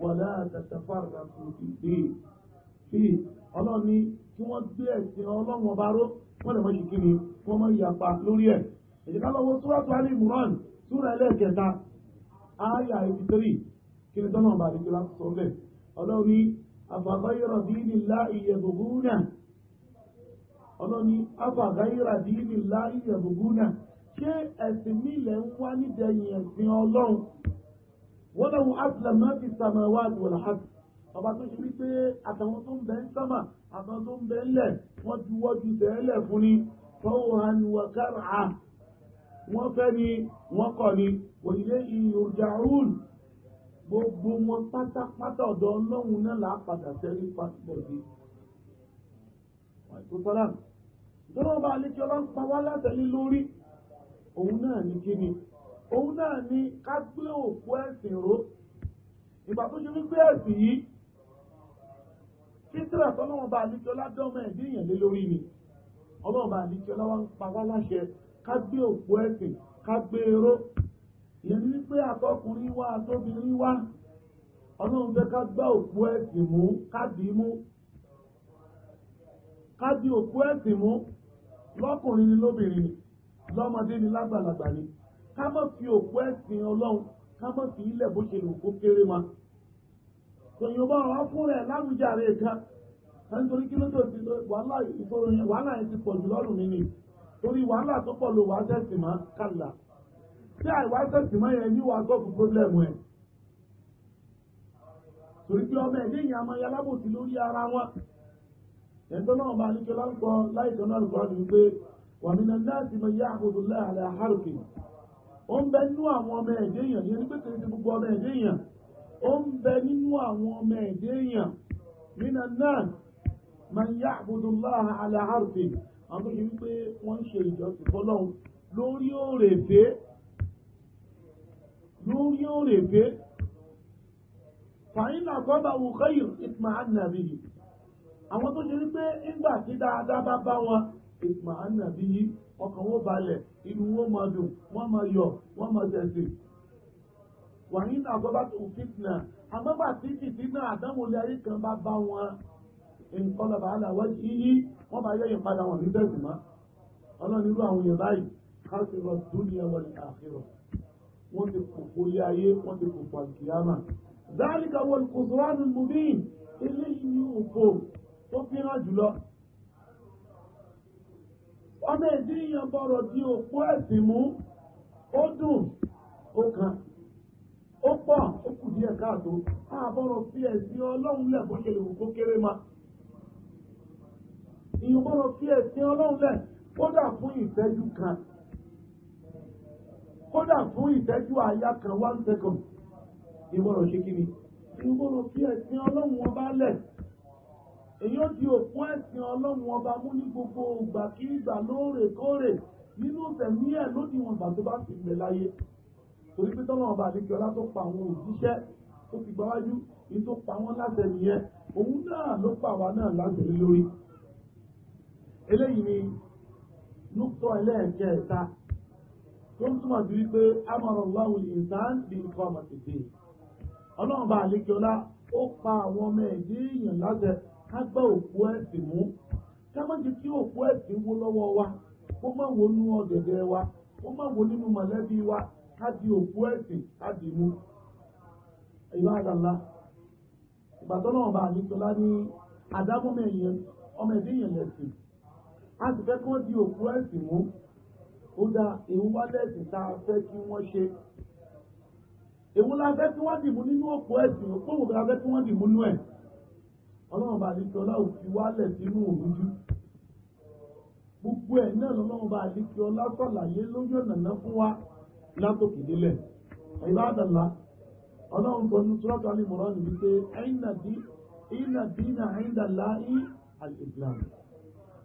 wọ̀lá àtàtàfàrà kò dìde fi ọlọ́run ní kí wọ́n gbé ẹ̀sìn ọlọ́run ọba ró wọ́n lè mọ́ kí ni wọ́n mọ́ ìyapa lórí ẹ̀ èdè ká lọ́wọ́ súrọ́tù alì mùrán súrọ́ ẹlẹ́ẹ̀kẹta ááyà eighty three kí ni tọ́nà bàdí kí lásán sọ́ńbẹ̀ ọlọ́run ní àfàgáyọ̀rọ̀ dínì láì yẹ̀bùgúnà ọlọ́run ní àfàgáyọ̀rọ̀ dínì láì yẹ̀bùgúnà ṣé ẹ̀sìn mi lẹ̀ ń wá nídẹ̀yìn ẹ̀sìn ọlọ́run wọ́n lọ́wọ́ áfìlẹ̀mọ́ ti sàmà wá àdùwọ̀lá hàtì ọba tó ṣe wípé àtàwọn tó ń bẹ ń sámà àtàwọn tó ń bẹ ń lẹ̀ wọ́n ju tẹ́lẹ̀ fún ni fọ́wọ́ hàn wà kárà wọ́n fẹ́ ni wọ́n kọ̀ ni òyìnbó ìyòjàrún gbogbo wọn pátápátá ọ̀dọ̀ ọlọ́run náà là á padà sẹ́rí pásítọ̀tì àìkúsọ́lá ìjọba ọba àlejò ọba ń pa wá látẹ̀lé lórí òun náà ní kíni òun náà ní ká gbé òkú ẹ̀sìn ró ìgbà tó ṣe wípé ẹ̀sìn yìí títírà tọ́lọ́wọ́n àlejò ọlá dọ́mọ ẹ̀dínyàn ni ọlọ́run àlejò ọlá wa ń pa wá láṣẹ ká gbé òpó ẹ̀sìn ká gbé eró ìyẹn ní pé àtọkùnrin wá àtọbìnrin wá ọlọ́run fẹ́ ká gbá òpó ẹ̀sìn mú ká dì í mú di ẹ̀sìn mú lọ́kùnrin ni lóbìnrin ni lọ́mọdé ni lágbàlagbà ni ká fi òpó ẹ̀sìn ọlọ́run ká fi ilẹ̀ bó ṣe kó kéré ma tòyìn bá ọ̀rọ̀ fún rẹ̀ láwùjáre kan nítorí kí ló tó ti wàhálà ìṣòro yẹn wàhálà yẹn ti pọ̀ jù torí wàhálà tó pọ̀ ló wàá tẹ̀sí mọ́ kàlà tí àìwá tẹ̀sí mọ́ yẹn ní wàá gọ́ọ̀fù pọ́blẹ́mù ẹ̀ torí pé ọmọ ẹ̀dẹ́ yìí àmọ́ lórí ara wọn ẹ̀tọ́ náà bá ní kí láìsọ náà lùkọ́ ni pé wà mí náà láti mọ yá àkóso láàrẹ àhárùkì ó ń bẹ nínú àwọn ọmọ ẹ̀dẹ́ èèyàn ní pé kìí ṣe gbogbo ọmọ ẹ̀dẹ́ èèyàn ó ń bẹ àwọn tó ṣe wípé wọ́n ń ṣe ìjọsìn fọlọ́run lórí òrèfé lórí òrèfé fàyínà kọ́ba wò kẹ́yìn ìtumọ̀ ànàbí yìí àwọn tó ṣe wípé nígbà tí dáadáa bá bá wọn ìtumọ̀ ànàbí yìí ọkàn wọn balẹ̀ inú wọn máa dùn wọn máa yọ̀ wọn máa tẹ̀sí wàyínà kọ́ba tó fìtìnà àmọ́ bàtí fìtìnà àdánwò lẹ́yìn kan bá bá wọn ìkọlọ̀ bàálà wọ́n ti yí wọ́n bá yẹ́yìn padà wọn ní bẹ́ẹ̀ mọ́ ọlọ́run irú àwọn èèyàn báyìí káṣírọ̀ dúnìyà wọ́n ti àṣírọ̀ wọ́n ti kòkó ilé ayé wọ́n ti kòkó àkìyàmà dáríkà wọ́n kò sọ́rọ́nù mùbín ilé yìí òfò tó fẹ́ràn jùlọ ọmọ èdè èèyàn bọ̀rọ̀ di òpó ẹ̀sìn mú ó dùn ó kan ó pọ̀ ó kù díẹ̀ káàtó àbọ̀rọ̀ fi ẹ̀sìn ọlọ́run lẹ̀ bó ṣe lè wò kó kéré máa ìgbọ́dọ̀ fi ẹ̀sìn ọlọ́run lẹ̀ kódà fún ìfẹ́jú kan kódà fún ìfẹ́jú àyà kan one second ìgbọ́dọ̀ ṣe kí ni ìgbọ́dọ̀ fi ẹ̀sìn ọlọ́run ọba lẹ̀ èyí ó di òpó ẹ̀sìn ọlọ́run ọba mú ní gbogbo ìgbà kí ìgbà lóòrèkóòrè nínú tẹ̀mí ẹ̀ lódiwọ̀n ìgbà tó bá sì gbẹ̀ láyé torí pé tọ́lọ́ ọba àdéjọ ọlá tó pa àwọn òjíṣẹ́ tó ti gbáwájú ní tó pa wọ́n láṣẹ nìyẹn òun náà ló pa àwa náà láṣẹ lórí eléyìí ni lóòótọ́ ẹlẹ́ẹ̀kẹ́ ẹ̀ta tó ń túmọ̀ sí wípé amọ̀rọ̀ láwùl ìsán bí nǹkan ọmọ ti ọlọ́run bá ó pa àwọn ọmọ ẹ̀dí èèyàn láṣẹ ká gbá òkú ẹ̀sìn mú ká má jẹ́ kí òkú ẹ̀sìn wó lọ́wọ́ wa kó má wo nú ọ̀gẹ̀dẹ̀ wa kó má wo nínú mọ̀lẹ́bí wa ká di òkú ẹ̀sìn ká di mú ìbáradàlá ìgbàdọ́nà ọba àlékiọlá ní àdámọ́mọ ẹ̀yẹn ọmọ ẹ̀dí èèyàn a sì fẹ́ kán di òkú ẹ̀sìn mú ó dá ewu wálẹ̀sì tá a fẹ́ kí wọ́n ṣe ewu la fẹ́ kí wọ́n dì mú nínú òkú ẹ̀sìn òkú òkú la fẹ́ kí wọ́n dì mú nú ẹ̀ ọlọ́run bá àdìkí ọlá òfi wálẹ̀ sínú òrújú gbogbo ẹ̀ náà lọ́lọ́run bá àdìkí ọlá sọ̀làyé lójú ọ̀nà fún wa látòkè délẹ̀ ìbádàlá ọlọ́run sọ ní sọ́ọ̀tà ní mọ̀rán níbi pé ẹ̀yìn nàdí ìnàdí ẹ̀yìn dàlá í al-Islam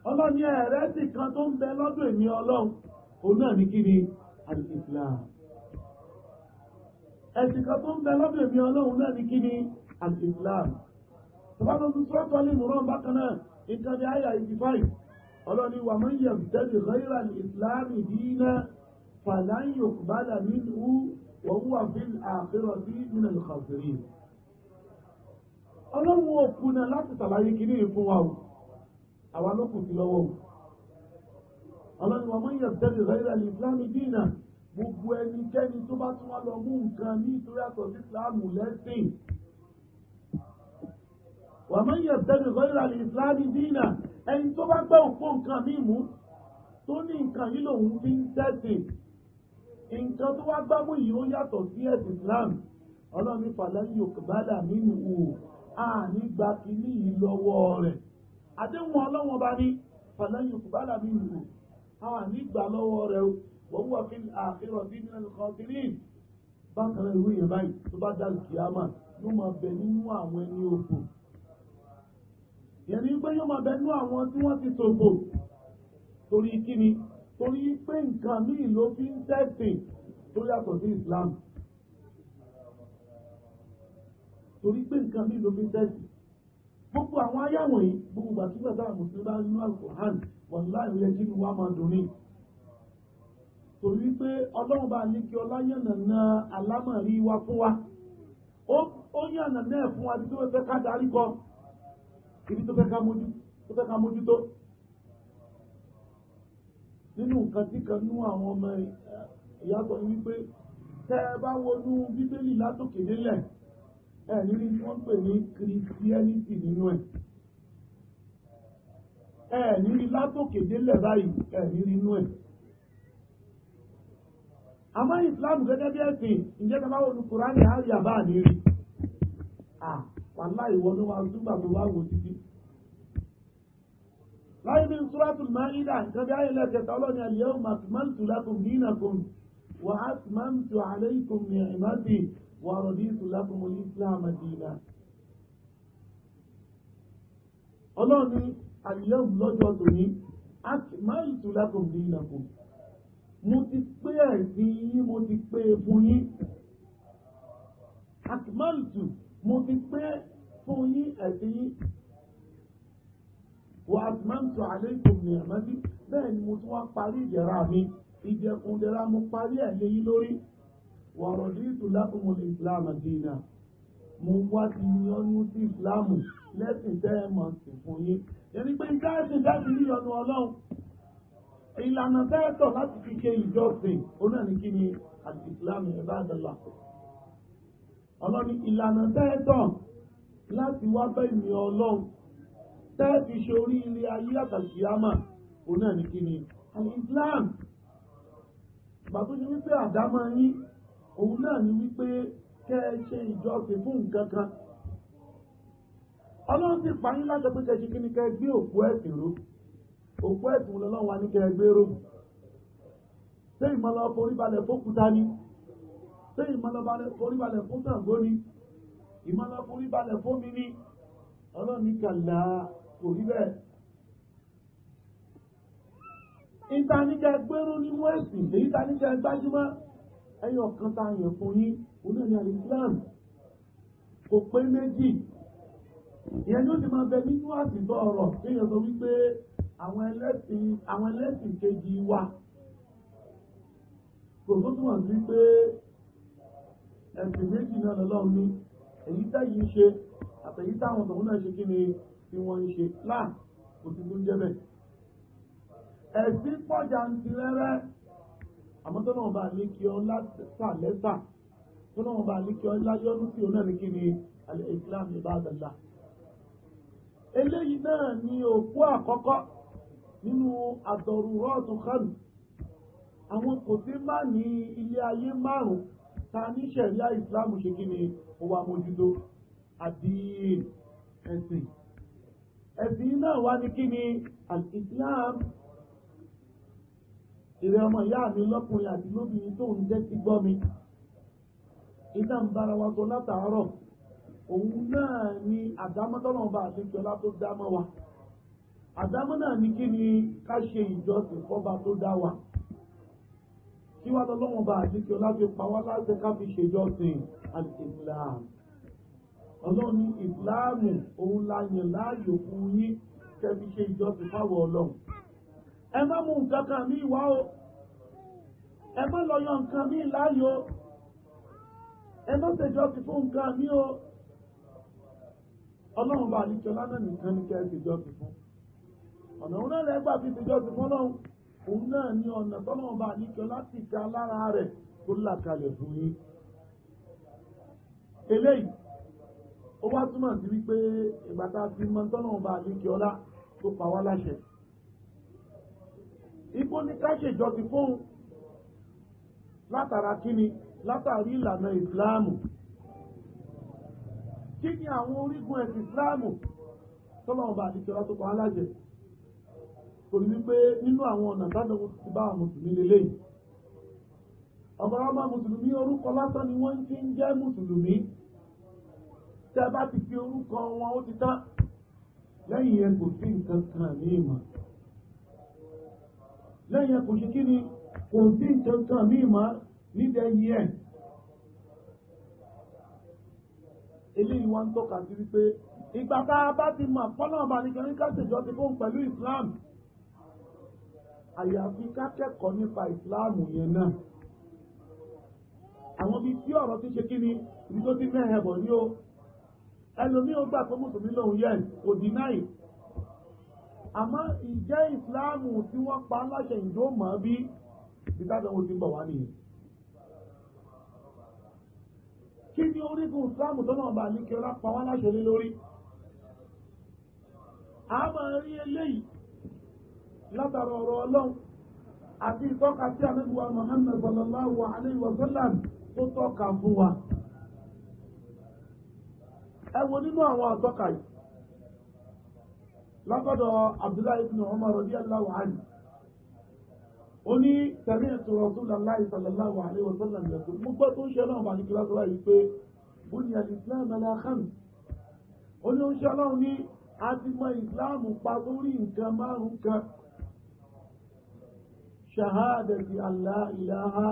ọlọ́ni ẹ̀rẹ́ sì kan tó ń bẹ lọ́dọ̀ èmi ọlọ́run òun náà ní kíni al-Islam ẹ̀sìn kan tó ń bẹ lọ́dọ̀ èmi ọlọ́run náà ní kíni al-Islam tọ́bátọ́ tún sọ́tọ́ ní mùrán bákan náà nǹkan bí àyà ìdí fáì ọlọ́ni wà mọ́ yẹ̀ tẹ́lẹ̀ ghayra al-Islam dínà falan yuqbala minhu wa huwa fil akhirati min al-khasirin ọlọ́run òkú náà láti sàlàyé kíní fún wa o àwa ló kù sí lọ́wọ́ ọlọ́run wa mọ́yìn ọ̀tẹ́lẹ̀ rẹ́rẹ́ lè fúlàmì dínà gbogbo ẹnikẹ́ni tó bá tún wá lọ mú nǹkan ní ìtorí àtọ̀ sí fúlàmù lẹ́sìn wà mọ́yìn ọ̀tẹ́lẹ̀ rẹ́rẹ́ lè fúlàmì dínà ẹni tó bá gbẹ́ òpó nǹkan mí mú tó ní nǹkan yìí lòun fi ń tẹ́sìn nǹkan tó wá gbámú yìí ó yàtọ̀ sí ẹ̀sìn Islam ọlọ́run fàlẹ́ yòókù bá dà nínú o àní gba yìí lọ́wọ́ àdéhùn ọlọ́wọ́n bá ní fàlẹ́yìn kùbálà mi nù àwọn ànígbà lọ́wọ́ rẹ̀ wọ́n wà fi àfihàn sí nínú kọ́ńtìrín bákan irú yẹn báyìí tó bá dá ìkìyàmà yóò máa bẹ nínú àwọn ẹni òfò yẹni pé yóò máa bẹ nínú àwọn tí wọ́n ti ṣòfò torí kíni torí pé nǹkan míì ló fi ń tẹ̀sìn tó yàtọ̀ sí Islam torí pé nǹkan míì ló fi ń tẹ̀sìn. gbogbo àwọn ayáwọ̀ yìí gbogbo gbàtúgbà táwọn mùsùlùmí bá ń lú àlùkòhán láì máa dùn ní. torí pé ọlọ́run bá ní wa fún wa ó yànnà náà fún wa fẹ́ ká darí ibi tó fẹ́ ká nínú ọmọ ìyá sọ ni wípé tẹ́ ẹ bá wọnú bíbélì látòkè ẹ̀rí rí tí wọ́n pè ní kìrìsìtíẹ́nìtì nínú ẹ̀ ẹ̀rí rí látòkè délẹ̀ báyìí ẹ̀rí rí inú ẹ̀ àmọ́ islam gẹ́gẹ́ bí ẹ̀sìn ǹjẹ́ tí a bá wọ ní kùránì àríyá bá ní rí wàhálà ìwọ ló wà nígbà tó wà wò títí láyé ní suratul maida nǹkan bí ayẹlẹ kẹta ọlọ́ni al-yawma akmaltu lakum dinakum wa atmamtu alaykum ni'mati ورضيت لكم الإسلام دينا ọlọ́run ní àlìyàn lọ́jọ́ tòní akmaltu lakum dinakum mo ti pé ẹ̀sìn yín mo ti pé e fún yín akmaltu mo ti pé fún yín ẹ̀sìn yín wa atmamtu alaykum ni'mati bẹ́ẹ̀ ni mo tún wá parí ìdẹ̀ra mi ìdẹ̀kùn ìdẹ̀ra mo parí ẹ̀yẹ yín lórí wọ̀rọ̀ dìtù lákùnmọ̀lẹ̀ islam dínà mo wá ti yọnu sí islam lẹ́sìn tẹ́ ẹ mọ̀ sí fún yín yẹni pé gáàsì jáde níyọnu ọlọ́run ìlànà tẹ́ẹ̀tọ̀ láti fi ṣe ìjọsìn onáni kí ni àti islam ẹ̀bá àdàlà ọlọ́ni ìlànà tẹ́ẹ̀tọ̀ láti wá bẹ́ẹ̀ ni ọlọ́run tẹ́ẹ̀fi ṣe orí ilé ayé àtàkìyàmà onáni kí ni àti islam bàbá ṣe wípé àdámọ́ yín òun náà ni wípé kẹ́ ẹ ṣe ìjọsìn fún nǹkan kan ọlọ́run ti pa yín láṣẹ pé ṣe kí ni kẹ́ gbé òkú ẹ̀sìn ró òkú ẹ̀sìn lọ́lọ́run wa ní kẹ́ gbé ró ṣé ìmọ̀lọ́ foríbalẹ̀ fókúta ni ṣé ìmọ̀lọ́ foríbalẹ̀ fún Ṣàngó ni ìmọ̀lọ́ foríbalẹ̀ ni ọlọ́run ní kàlà kò rí bẹ́ẹ̀ ìtaníjà ẹyọ kan tá a yàn fún yín òun náà islam kò pé méjì ìyẹn ni ó ti máa bẹ nínú àtìgbọ́ ọ̀rọ̀ kéèyàn sọ wípé àwọn ẹlẹ́sìn àwọn ẹlẹ́sìn kejì wa kò tó túmọ̀ sí pé ẹ̀sìn méjì náà lọ́lọ́run ní èyí táyì ń ṣe àtẹ̀yí táwọn tòun náà ṣe kí ni tí wọ́n ń ṣe láà kò sí tó ń jẹ́ bẹ́ẹ̀ ẹ̀sìn pọ̀jà ń rẹ́rẹ́ àmọ́ tọ́nà ọba àlékí ọ lásà lẹ́sà tọ́nà ọba àlékí ọ láyọ́nú sí onáà ní kíni al-Islam ibadallah eléyìí náà ni òkú àkọ́kọ́ nínú àdọ̀rùrọ́ọ̀tún kánù àwọn kò tí má ní ilé ayé márùn ta ní ṣẹ̀ríà Islam ṣe kíni ó wà mójútó àti ẹ̀sìn ẹ̀sìn náà wá ní kíni al-Islam ìrẹ ọmọ ìyá mi lọ́kùnrin àti lóbìnrin tó ń jẹ́ ti gbọ́ mi iná ń bára wa sọ látàárọ̀ òun náà ni àdámọ́ tọ́lọ́run bá àṣejọlá tó dámọ́ wa àdámọ́ náà ni kí ni ká ṣe ìjọsìn fọ́ba tó dá wa kí wá tọ́lọ́run bá àṣejọlá fi pa wá láti ká fi ṣèjọsìn al-Islam ọlọ́run ìsìláàmù òun la yàn láàyò fún yín kẹ́ ṣe ìjọsìn fáwọn ọlọ́run ẹ má mú nǹkan kan mí wá o ẹ má lọ yan nǹkan mí láàyò ẹ má ṣèjọ sí fún nǹkan mí o ọlọ́run bá ní kíọ́lá náà nìkan ní kẹ́ ẹ ṣèjọ sí fún ọ̀nà òun náà lẹ́gbàá fi ṣèjọ sí fún ọlọ́run òun náà ní ọ̀nà tọ́lọ́run bá ní kíọ́lá sì ga lára rẹ̀ tó là kalẹ̀ fún yín eléyìí ó wá túmọ̀ sí wípé ìgbà tá a ti mọ tọ́lọ́run bá ní kíọ́lá tó pa wá láṣẹ ibo ni ká ṣèjọsìn fóun látara kíni látàrí ìlànà ìsìláàmù kí ni àwọn orígun ẹ̀sìn ìsìláàmù tọ́lọ́run bá àdìsọ́lá tó kọ́ alájẹ torí wípé nínú àwọn ọ̀nà tádọ́wọ́ ti bá àwọn mùsùlùmí lélẹ́yìn ọ̀gọ̀rọ̀mọ̀ mùsùlùmí orúkọ lásán ni wọ́n ti ń jẹ́ mùsùlùmí tẹ́ bá ti fi orúkọ wọn ó ti tán lẹ́yìn yẹn kò sí nǹkan kan ní ìmọ̀ lẹ́yìn kò ṣe kí ni kò sí ìtọ́tọ́ míì máa nídẹ̀ yí ẹ̀ eléyìí wọ́n ń tọ́ka sí wípé ìgbà tá a bá ti mọ̀ fọ́nà ọba nìkan ní kásìjọ́ ti fóun pẹ̀lú Islam àyàfi ká kẹ́kọ̀ọ́ nípa Islam yẹn náà àwọn bíi tí ọ̀rọ̀ ti ṣe kí ni ibi tó ti mẹ́hẹ̀ bọ̀ ní o ẹlòmíì ó gbà pé mùsùlùmí lòun yẹ kò dínáì àmọ́ ìjẹ́ ìsìláàmù tí wọ́n pa láṣẹ ìjó mọ̀ bí ìdájọ́ wọn ti ń bọ̀ wá nìyẹn. kí ni orígun ìsìláàmù tó náà bá ní kí ọlá pa wá láṣẹ lé lórí. a máa rí eléyìí látara ọ̀rọ̀ ọlọ́run àti ìtọ́ka tí àmẹ́bùwà Muhammad sallallahu alayhi wa sallam tó tọ́ka fún wa. ẹ wo nínú àwọn àtọ́ka yìí. لقد عبد الله بن عمر رضي الله عنه oni sami'tu rasulallahi sallallahu alayhi wa sallam yaqul mo gbọ́ tó ń ṣe náà màlíkì lásán láyé pé bunya islam ala khams oni ó ń ṣe náà ní a ti mọ ìsìláàmù pa lórí nǹkan márùn kan shahadati alla ilaha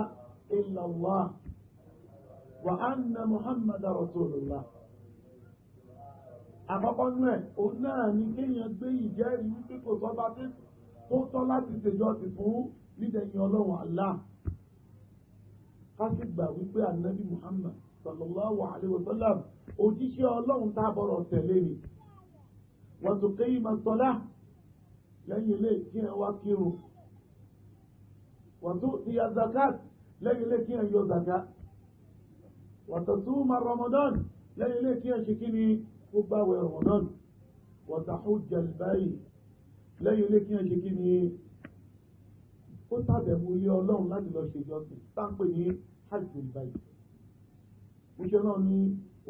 illallah wa anna muhammadu rasulullah àkọ́kọ́ náà òun náà ni kéèyàn gbé ìjẹ́rìí wípé kò sọ́ba tó tọ́ láti ṣèjọ́sìn fún nídẹ̀yìn ọlọ́run Allah ká sì gbà wípé ànábì Muhammad sallallahu alayhi wa sallam òjíṣẹ́ ọlọ́run tá a bọ̀rọ̀ tẹ̀lé ni wọ́n tó kéyìn máa tọ́lá lẹ́yìn ilé kí ẹ wá kírun wọ́n tó ti ya zakat lẹ́yìn ilé kí ẹ yọ zakat wọ́n tó tún ma Ramadan lẹ́yìn ilé kí ẹ ṣe kí ni ó bá wẹ Ramadan wọ̀tàhó jẹ̀lbáyì lẹ́yìn ilé kí ẹ ṣe kí ni ó tàbẹ̀mú ilé ọlọ́run láti lọ ṣe ìjọsìn táǹpẹ̀ ní hajjẹ̀lbáyì oṣù náà ní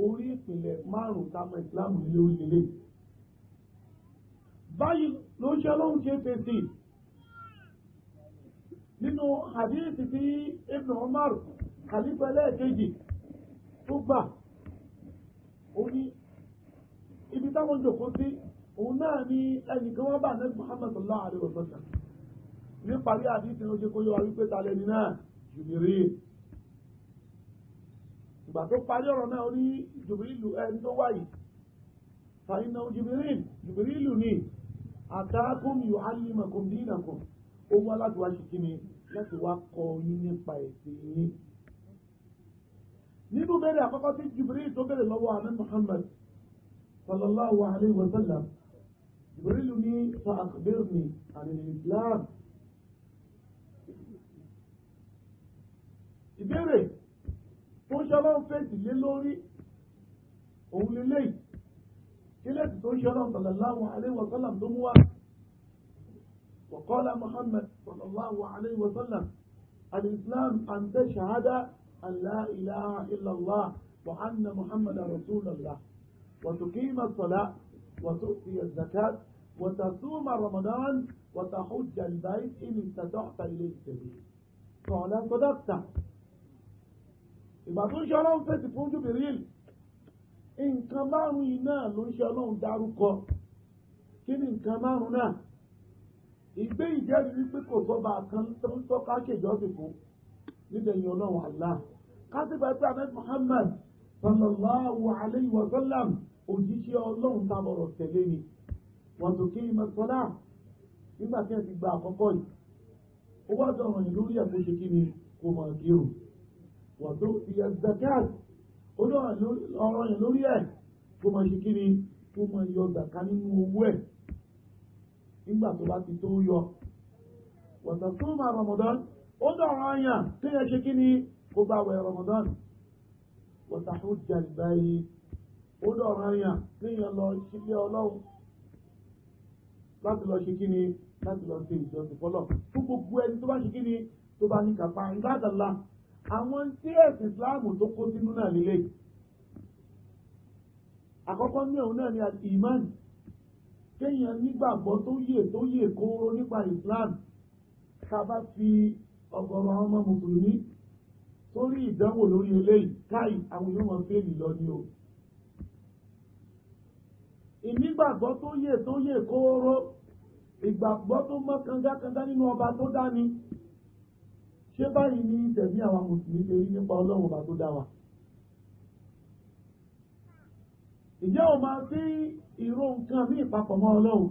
orí ìpìlẹ̀ márùn-ún táwọn ìsìláàmù ilé onílé báyìí ló ṣe ọlọ́run ṣe fèsì nínú àdíyèsí tí Ibn Umar kàlífẹ́ lẹ́ẹ̀kejì tó gbà ó ní ibi táwọn jòkó sí òun náà ni ẹnìkan wọ́n bá nẹ́bí muhammadu sallallahu alaihi wa sallam ní parí àdìsí ló ṣe kó yọ wípé ta lẹni náà jùmírí ìgbà tó parí ọ̀rọ̀ náà ó ní jùmírí lu ẹni tó wáyé fàyínà jùmírí jùmírí lù ní àtàkùn yóò alìmọ̀kùn dínàkùn ó wá láti wá ṣe kíni láti wá kọ́ yín nípa ẹ̀sìn yín nínú bẹ̀rẹ̀ àkọ́kọ́ sí jùmírí tó bẹ̀rẹ̀ lọ́wọ́ àná muhammad صلى الله عليه وسلم جبريل فأخبرني عن الإسلام ìbéèrè tó ṣọlọ́ fèsì lé lórí òun lélẹ̀ kílẹ̀sì tó ṣọlọ́ sallallahu alaihi wa sallam ló mú wá وقال محمد صلى الله عليه وسلم الإسلام أن تشهد أن لا إله إلا الله وأن محمد رسول الله وتقيم الصلاة وتؤتي الزكاة وتصوم رمضان وتحج البيت إن استطعت إليه سبيل فعلا صدقت إذا كنت شلون فتي فوجو بريل إن كمان ينا لن شلون داروك كن إن كمان ينا إذا يجب يبقى صبع كان تنسوك أكي جوزكو لذا يولون الله قاتب أسعى محمد صلى الله عليه وسلم òjíṣẹ́ ọlọ́run tábọ̀rọ̀ tẹ̀lé ni wọ́n tó kí ní mẹ́sọ́lá nígbà tí ẹ ti gba àkọ́kọ́ yìí ó wá dọ̀rọ̀ yìí lórí ẹ̀ kó ṣe kí ni kò mọ̀ kírun wọ́n tó fi ẹ zakat ó dọ̀rọ̀ yìí lórí ẹ̀ kó mọ̀ ṣe kí ni kó mọ̀ yọ zaka nínú owó ẹ̀ nígbà tó bá ti tó yọ wọ́n tó tó máa Ramadan ó dọ̀rọ̀ yàn tó yẹ ṣe kí ni kó bá wẹ̀ Ramadan wọ́n tó hujja al ó dọ̀ràn yàn kéèyàn lọ sílé ọlọ́run láti lọ ṣe kí ni láti lọ ṣe ìjọsìn fọlọ́ fún gbogbo ẹni tó bá ṣe kí ni tó bá ní kápá ńládàlá àwọn tí ẹ̀sìn Islam tó kó sínú náà nílé àkọ́kọ́ ní òun náà ni ìmánì kéèyàn nígbàgbọ́ tó yè tó yè kóró nípa Islam ká fi ọ̀gọ̀rọ̀ àwọn ọmọ mùsùlùmí torí ìdánwò lórí eléyìí káì àwọn yóò máa fẹ́ẹ̀lì lọ ní o ìnígbàgbọ́ tó yè tó yè kóóró ìgbàgbọ́ tó mọ́ kangakanga nínú ọba tó dá ni ṣé báyìí ní tẹ̀mí àwọn mùsùlùmí ṣe rí nípa ọlọ́run ọba tó dá wa. ìjẹ́ ò máa sí ìró nǹkan ní ìpapọ̀ mọ́ ọlọ́run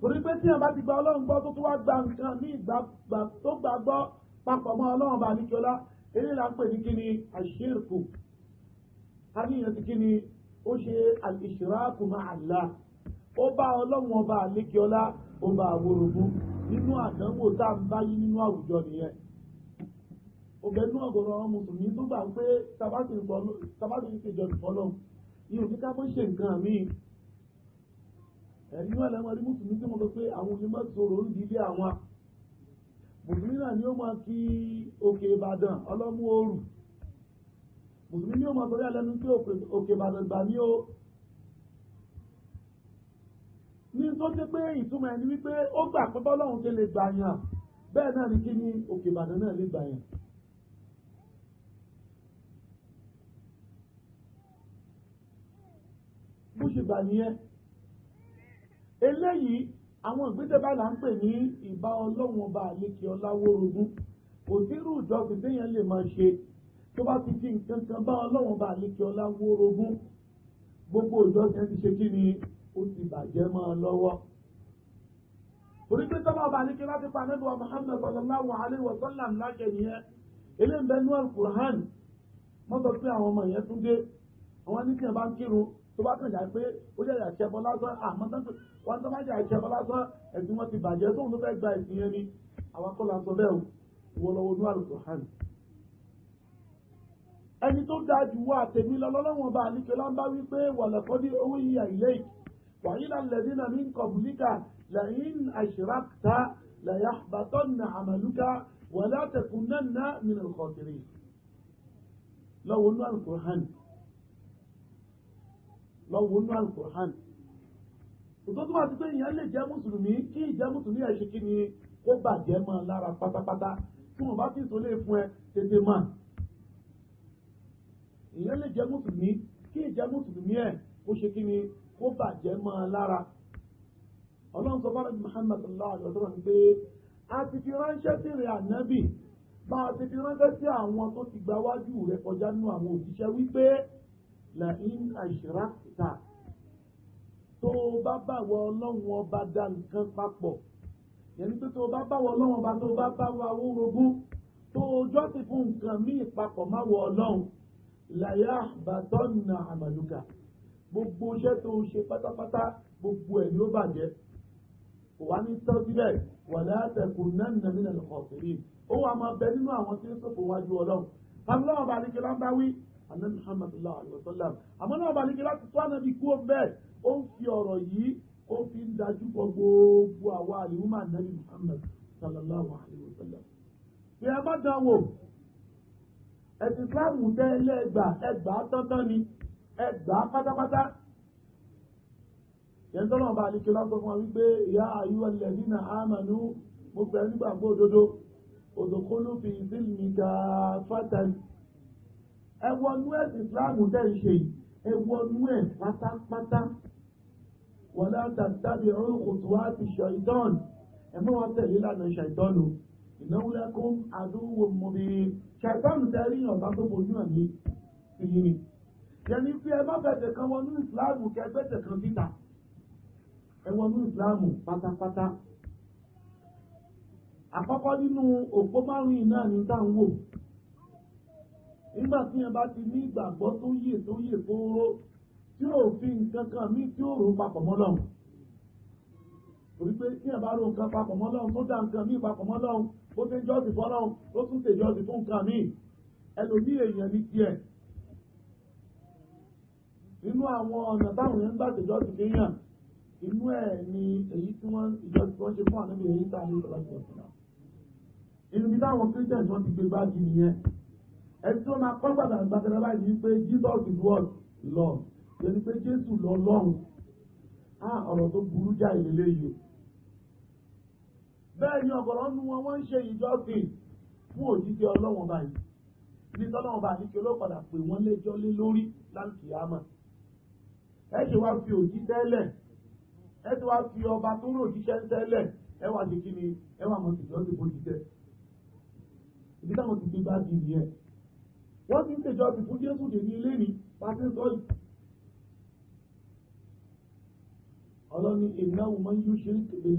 torí pé tí wọn bá ti gba ọlọ́run gbọ́ tó tó wá gba nǹkan ní ìgbàgbà tó gbàgbọ́ papọ̀ mọ́ ọlọ́run bá níjọlá eré là ń pè ní kíni àṣírkù a níyàn ó ṣe al-ishraku ma'a Allah ó bá ọlọ́run ọba àlékiọlá ó bá àwòrògùn nínú àdánwò tá à ń báyé nínú àwùjọ nìyẹn òbẹ̀nú ọ̀gọ̀rọ̀ àwọn mùsùlùmí tó gbà pé tabati ń ṣèjọ ìfọlọ́hún yìí ò ní ká mọ́ ṣe nǹkan míì ẹ̀rí náà lẹ́mọ̀ rí mùsùlùmí tí mo sọ pé àwọn onímọ̀ sọ̀rọ̀ ń dílé àwọn mùsùlùmí náà ni ó máa kí òkè Ìbàdàn ọlọ́mú òòrù mùsùlùmí ní ọmọ torí ẹlẹ́nu pé òkè ìbàdàn gbà ní o ní tó ṣe pé ìtumọ̀ ẹni wípé ó gbà pé bọ́lọ́hún ṣe lè gbà yàn bẹ́ẹ̀ náà ni kí ni òkè ìbàdàn náà lè gbà yàn. bó ṣe gbà nìyẹn eléyìí àwọn ìgbésẹ̀bá là ń pè ní ìbá ọlọ́run ọba àlékè ọláwó orogún kò sí irú ìjọsìn téèyàn lè máa ṣe tó bá ti fi nǹkan kan bá ọlọ́run bá lékè ọlá wórogún gbogbo ìjọsìn ti ṣe kí ni ó ti bàjẹ́ mọ́ ọ lọ́wọ́. torí pé tọ́ba ọba lékè láti pa anábìwá Muhammad sallallahu alayhi wa sallam láṣẹ nìyẹn eléyìí bẹ́ẹ̀ nú alukur'an mọ́tò pé àwọn ọmọ yẹn tún dé àwọn ní kí ẹ bá ń kírun tó bá kàn já pé ó jẹ́ àṣẹbọ lásán àmọ́ wọn tó bá jẹ́ àṣẹbọ lásán ẹ̀sìn wọn ti bàjẹ́ tóun ló fẹ́ gba ìsìn yẹn ni àwọn akọ́lá sọ bẹ́ẹ̀ wọ́n lọ́wọ́ nú alukur'an ẹni tó dáa jù wá àtẹ̀mí lọ lọ́lọ́wọ́n bá àníkẹ́ láńbá wípé wàlẹ́kọ́dí owó yíya ilé wàhílà lẹ́dínà ní kọ̀bùlíkà lẹ́yìn àṣírákta lẹ́yà bàtọ́ nà àmàlúkà wàlá tẹ̀kùn náà ná nínú ìkọ̀tìrì lọ́wọ́ nú alukur'an lọ́wọ́ nú alukur'an tó tó bá ti pé ìyẹn lè jẹ́ mùsùlùmí kí ìjẹ́ mùsùlùmí ẹ̀ ṣe kí ni kó bàjẹ́ mọ́ lára pátápátá tí wọ́n bá ti sọ fún ẹ tètè máa ìyẹn lè jẹ́ mùsùlùmí kí ìjẹ́ mùsùlùmí ẹ̀ ó ṣe kí ni kó bàjẹ́ mọ́ ọ lára ọlọ́run sọ fọ́nà Muhammad sallallahu alaihi wasallam pé a ti fi ránṣẹ́ sí rẹ̀ ànábì bá a ti fi ránṣẹ́ sí àwọn tó ti gba wájú rẹ̀ kọjá nínú àwọn òṣìṣẹ́ wípé la'in ashrakta tó o bá báwọ ọlọ́run ọba dá nǹkan papọ̀ yẹn pé tó o bá báwọ ọlọ́run ọba tó o bá báwọ awórogún tó o jọ́sìn fún nǹkan míì papọ̀ máwọ ọlọ́run làyà àbàtọ́nà àmàlùkà gbogbo iṣẹ́ tó ṣe pátápátá gbogbo ẹ̀ ni ó bàjẹ́ wà ní tán síbẹ̀ wà látẹ̀kù náà nàmínà lọ́kọ̀ọ́sẹ̀rì ó wà máa bẹ nínú àwọn tí ń sọ̀kò wájú ọlọ́run àmúlọ́wọ́ bá ní kílá ń bá wí ànábì Muhammad sallallahu alaihi wasallam àmúlọ́wọ́ bá ní kílá ti tó ànábì kú bẹ́ẹ̀ ó ń fi ọ̀rọ̀ yìí ó fi ń dájú kọ gbogbo àwa àlìhùmà ẹ̀sìn islamu tẹ́ ilé ẹgbà ẹgbà tọ́tọ́ ni ẹgbà pátápátá yẹn tọ́lọ̀ bá àlejò lọ́sọ̀ fún wa wípé ìyá àyúwà lẹ́dínà àmàlú mo fẹ́ nígbàgbọ́ òdodo òdòkóló fi ìdílmi ga fátàlì ẹ wọnú ẹ̀sìn islamu tẹ́ ń ṣe ẹ pátápátá wọlé àtàtàbí ọ̀rùn kòtùwá ti ṣàìtọ́n ẹ mọ́ wọn tẹ̀lé lánàá ṣàìtọ́n o ìnáwó lẹ́kún adúgbò mọ̀bí ṣàìtàn tẹ́rí ìyànbá tó bojú hàn ní ìyìn ni. yẹni pé ẹ má bẹ̀tẹ̀ kan wọnú ìsìláàmù kẹ bẹ̀tẹ̀ kan síta ẹ wọnú ìsìláàmù pátápátá. àkọ́kọ́ nínú òpó márùn-ún náà ní tá ń wò nígbà tí yẹn bá ti ní ìgbàgbọ́ tó yè tó yè kóró tí ò fi nǹkan kan mí tí ò rò papọ̀ mọ́ Ọlọ́run torí pé tí yẹn bá rò nǹkan papọ̀ mọ́ Ọlọ́run tó dá nǹkan mí papọ̀ mọ́ Ọlọ́run ó ti jọ́sìn fọ́lọ́ ó tún ti jọ́sìn fún nǹkan míì ẹlòmí èèyàn ní tiẹ̀ nínú àwọn ọ̀nà táwọn èèyàn ń gbà tẹ̀jọ́sìn kéèyàn inú ẹ̀ ni èyí tí wọ́n ìjọsìn wọ́n ṣe fún ànábì èyí tá a ní ìtọ́lá ti ọ̀sìn náà inú bí táwọn christians wọ́n ti gbé gbági nìyẹn ẹni tó máa kọ́ gbàgbà gbàgbà báyìí ni pé Jesus is what Lord yẹn ni pé Jésù lọ lọ́run á ọ̀rọ̀ tó burú jáì lélẹ́yìí o bẹ́ẹ̀ ni ọ̀gọ̀rọ̀ nu wọn wọ́n ń ṣe ìjọsìn fún òjijì ọlọ́wọ́n báyìí ní tọ́lọ́wọ́n bá àdíkẹ́ ló padà pè wọ́n lẹ́jọ́ lé lórí láǹkì àmà ẹ ṣe wá fi òjì tẹ́lẹ̀ ẹ ti wá fi ọba tó rò jíṣẹ́ tẹ́lẹ̀ ẹ wá di kí ni ẹ wá mọ̀ tìjọ́ ti bó jíṣẹ́ ìdí táwọn ti gbé bá di nìyẹn wọ́n ti ń tẹ̀jọ́ ti fún Jésù dèmí ilé ni pàṣẹ sọ́yìn ọlọ́ni ìnáwó mọ́ yóò ṣe é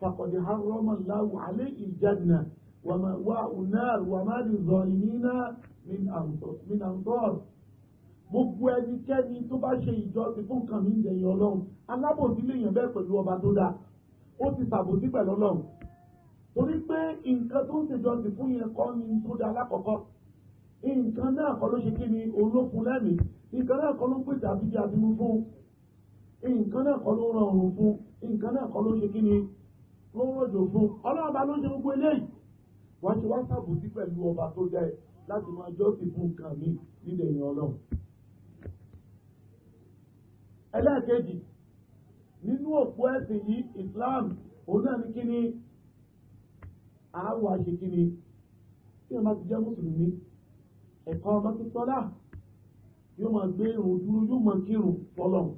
فقد حرم الله عليه الجنة وما النار وما للظالمين من أنصار من أنصار gbogbo ẹnikẹ́ni tó bá ṣe ìjọsìn fún nǹkan mi ń dẹ̀yìn ọlọ́run alábòsí lèèyàn bẹ́ẹ̀ pẹ̀lú ọba tó dáa ó ti ṣàbòsí pẹ̀lú ọlọ́run torí pé nǹkan tó ń ṣèjọsìn fún yẹn kọ́ ni tó dáa lákọ̀ọ́kọ́ nǹkan náà kọ́ ló ṣe kí ni olókun lẹ́mìí nǹkan náà kọ́ ló ń pèsè àbíjẹ́ àbímú fún nǹkan náà kọ́ ló rọrùn fún nǹkan náà kọ́ ló ṣe kí ni wọ́n wọ́n jò fún ọlọ́ọ̀bá ló ṣe gbogbo eléyìí wọ́n ṣe wọ́n ṣàbùsí pẹ̀lú ọba tó dẹ láti máa jọ́sìn fún nǹkan mi nílẹ̀ èèyàn ọlọ́run. ẹlẹ́ẹ̀kejì nínú òpó ẹ̀sìn yìí Islam òun náà ní kí ni àáwọ̀ àṣekí ni tí wọ́n bá ti jẹ́ mùsùlùmí ẹ̀kọ́ ọmọ tó sọ́dá yóò máa gbé irun dúró yóò máa kírun fọlọ́run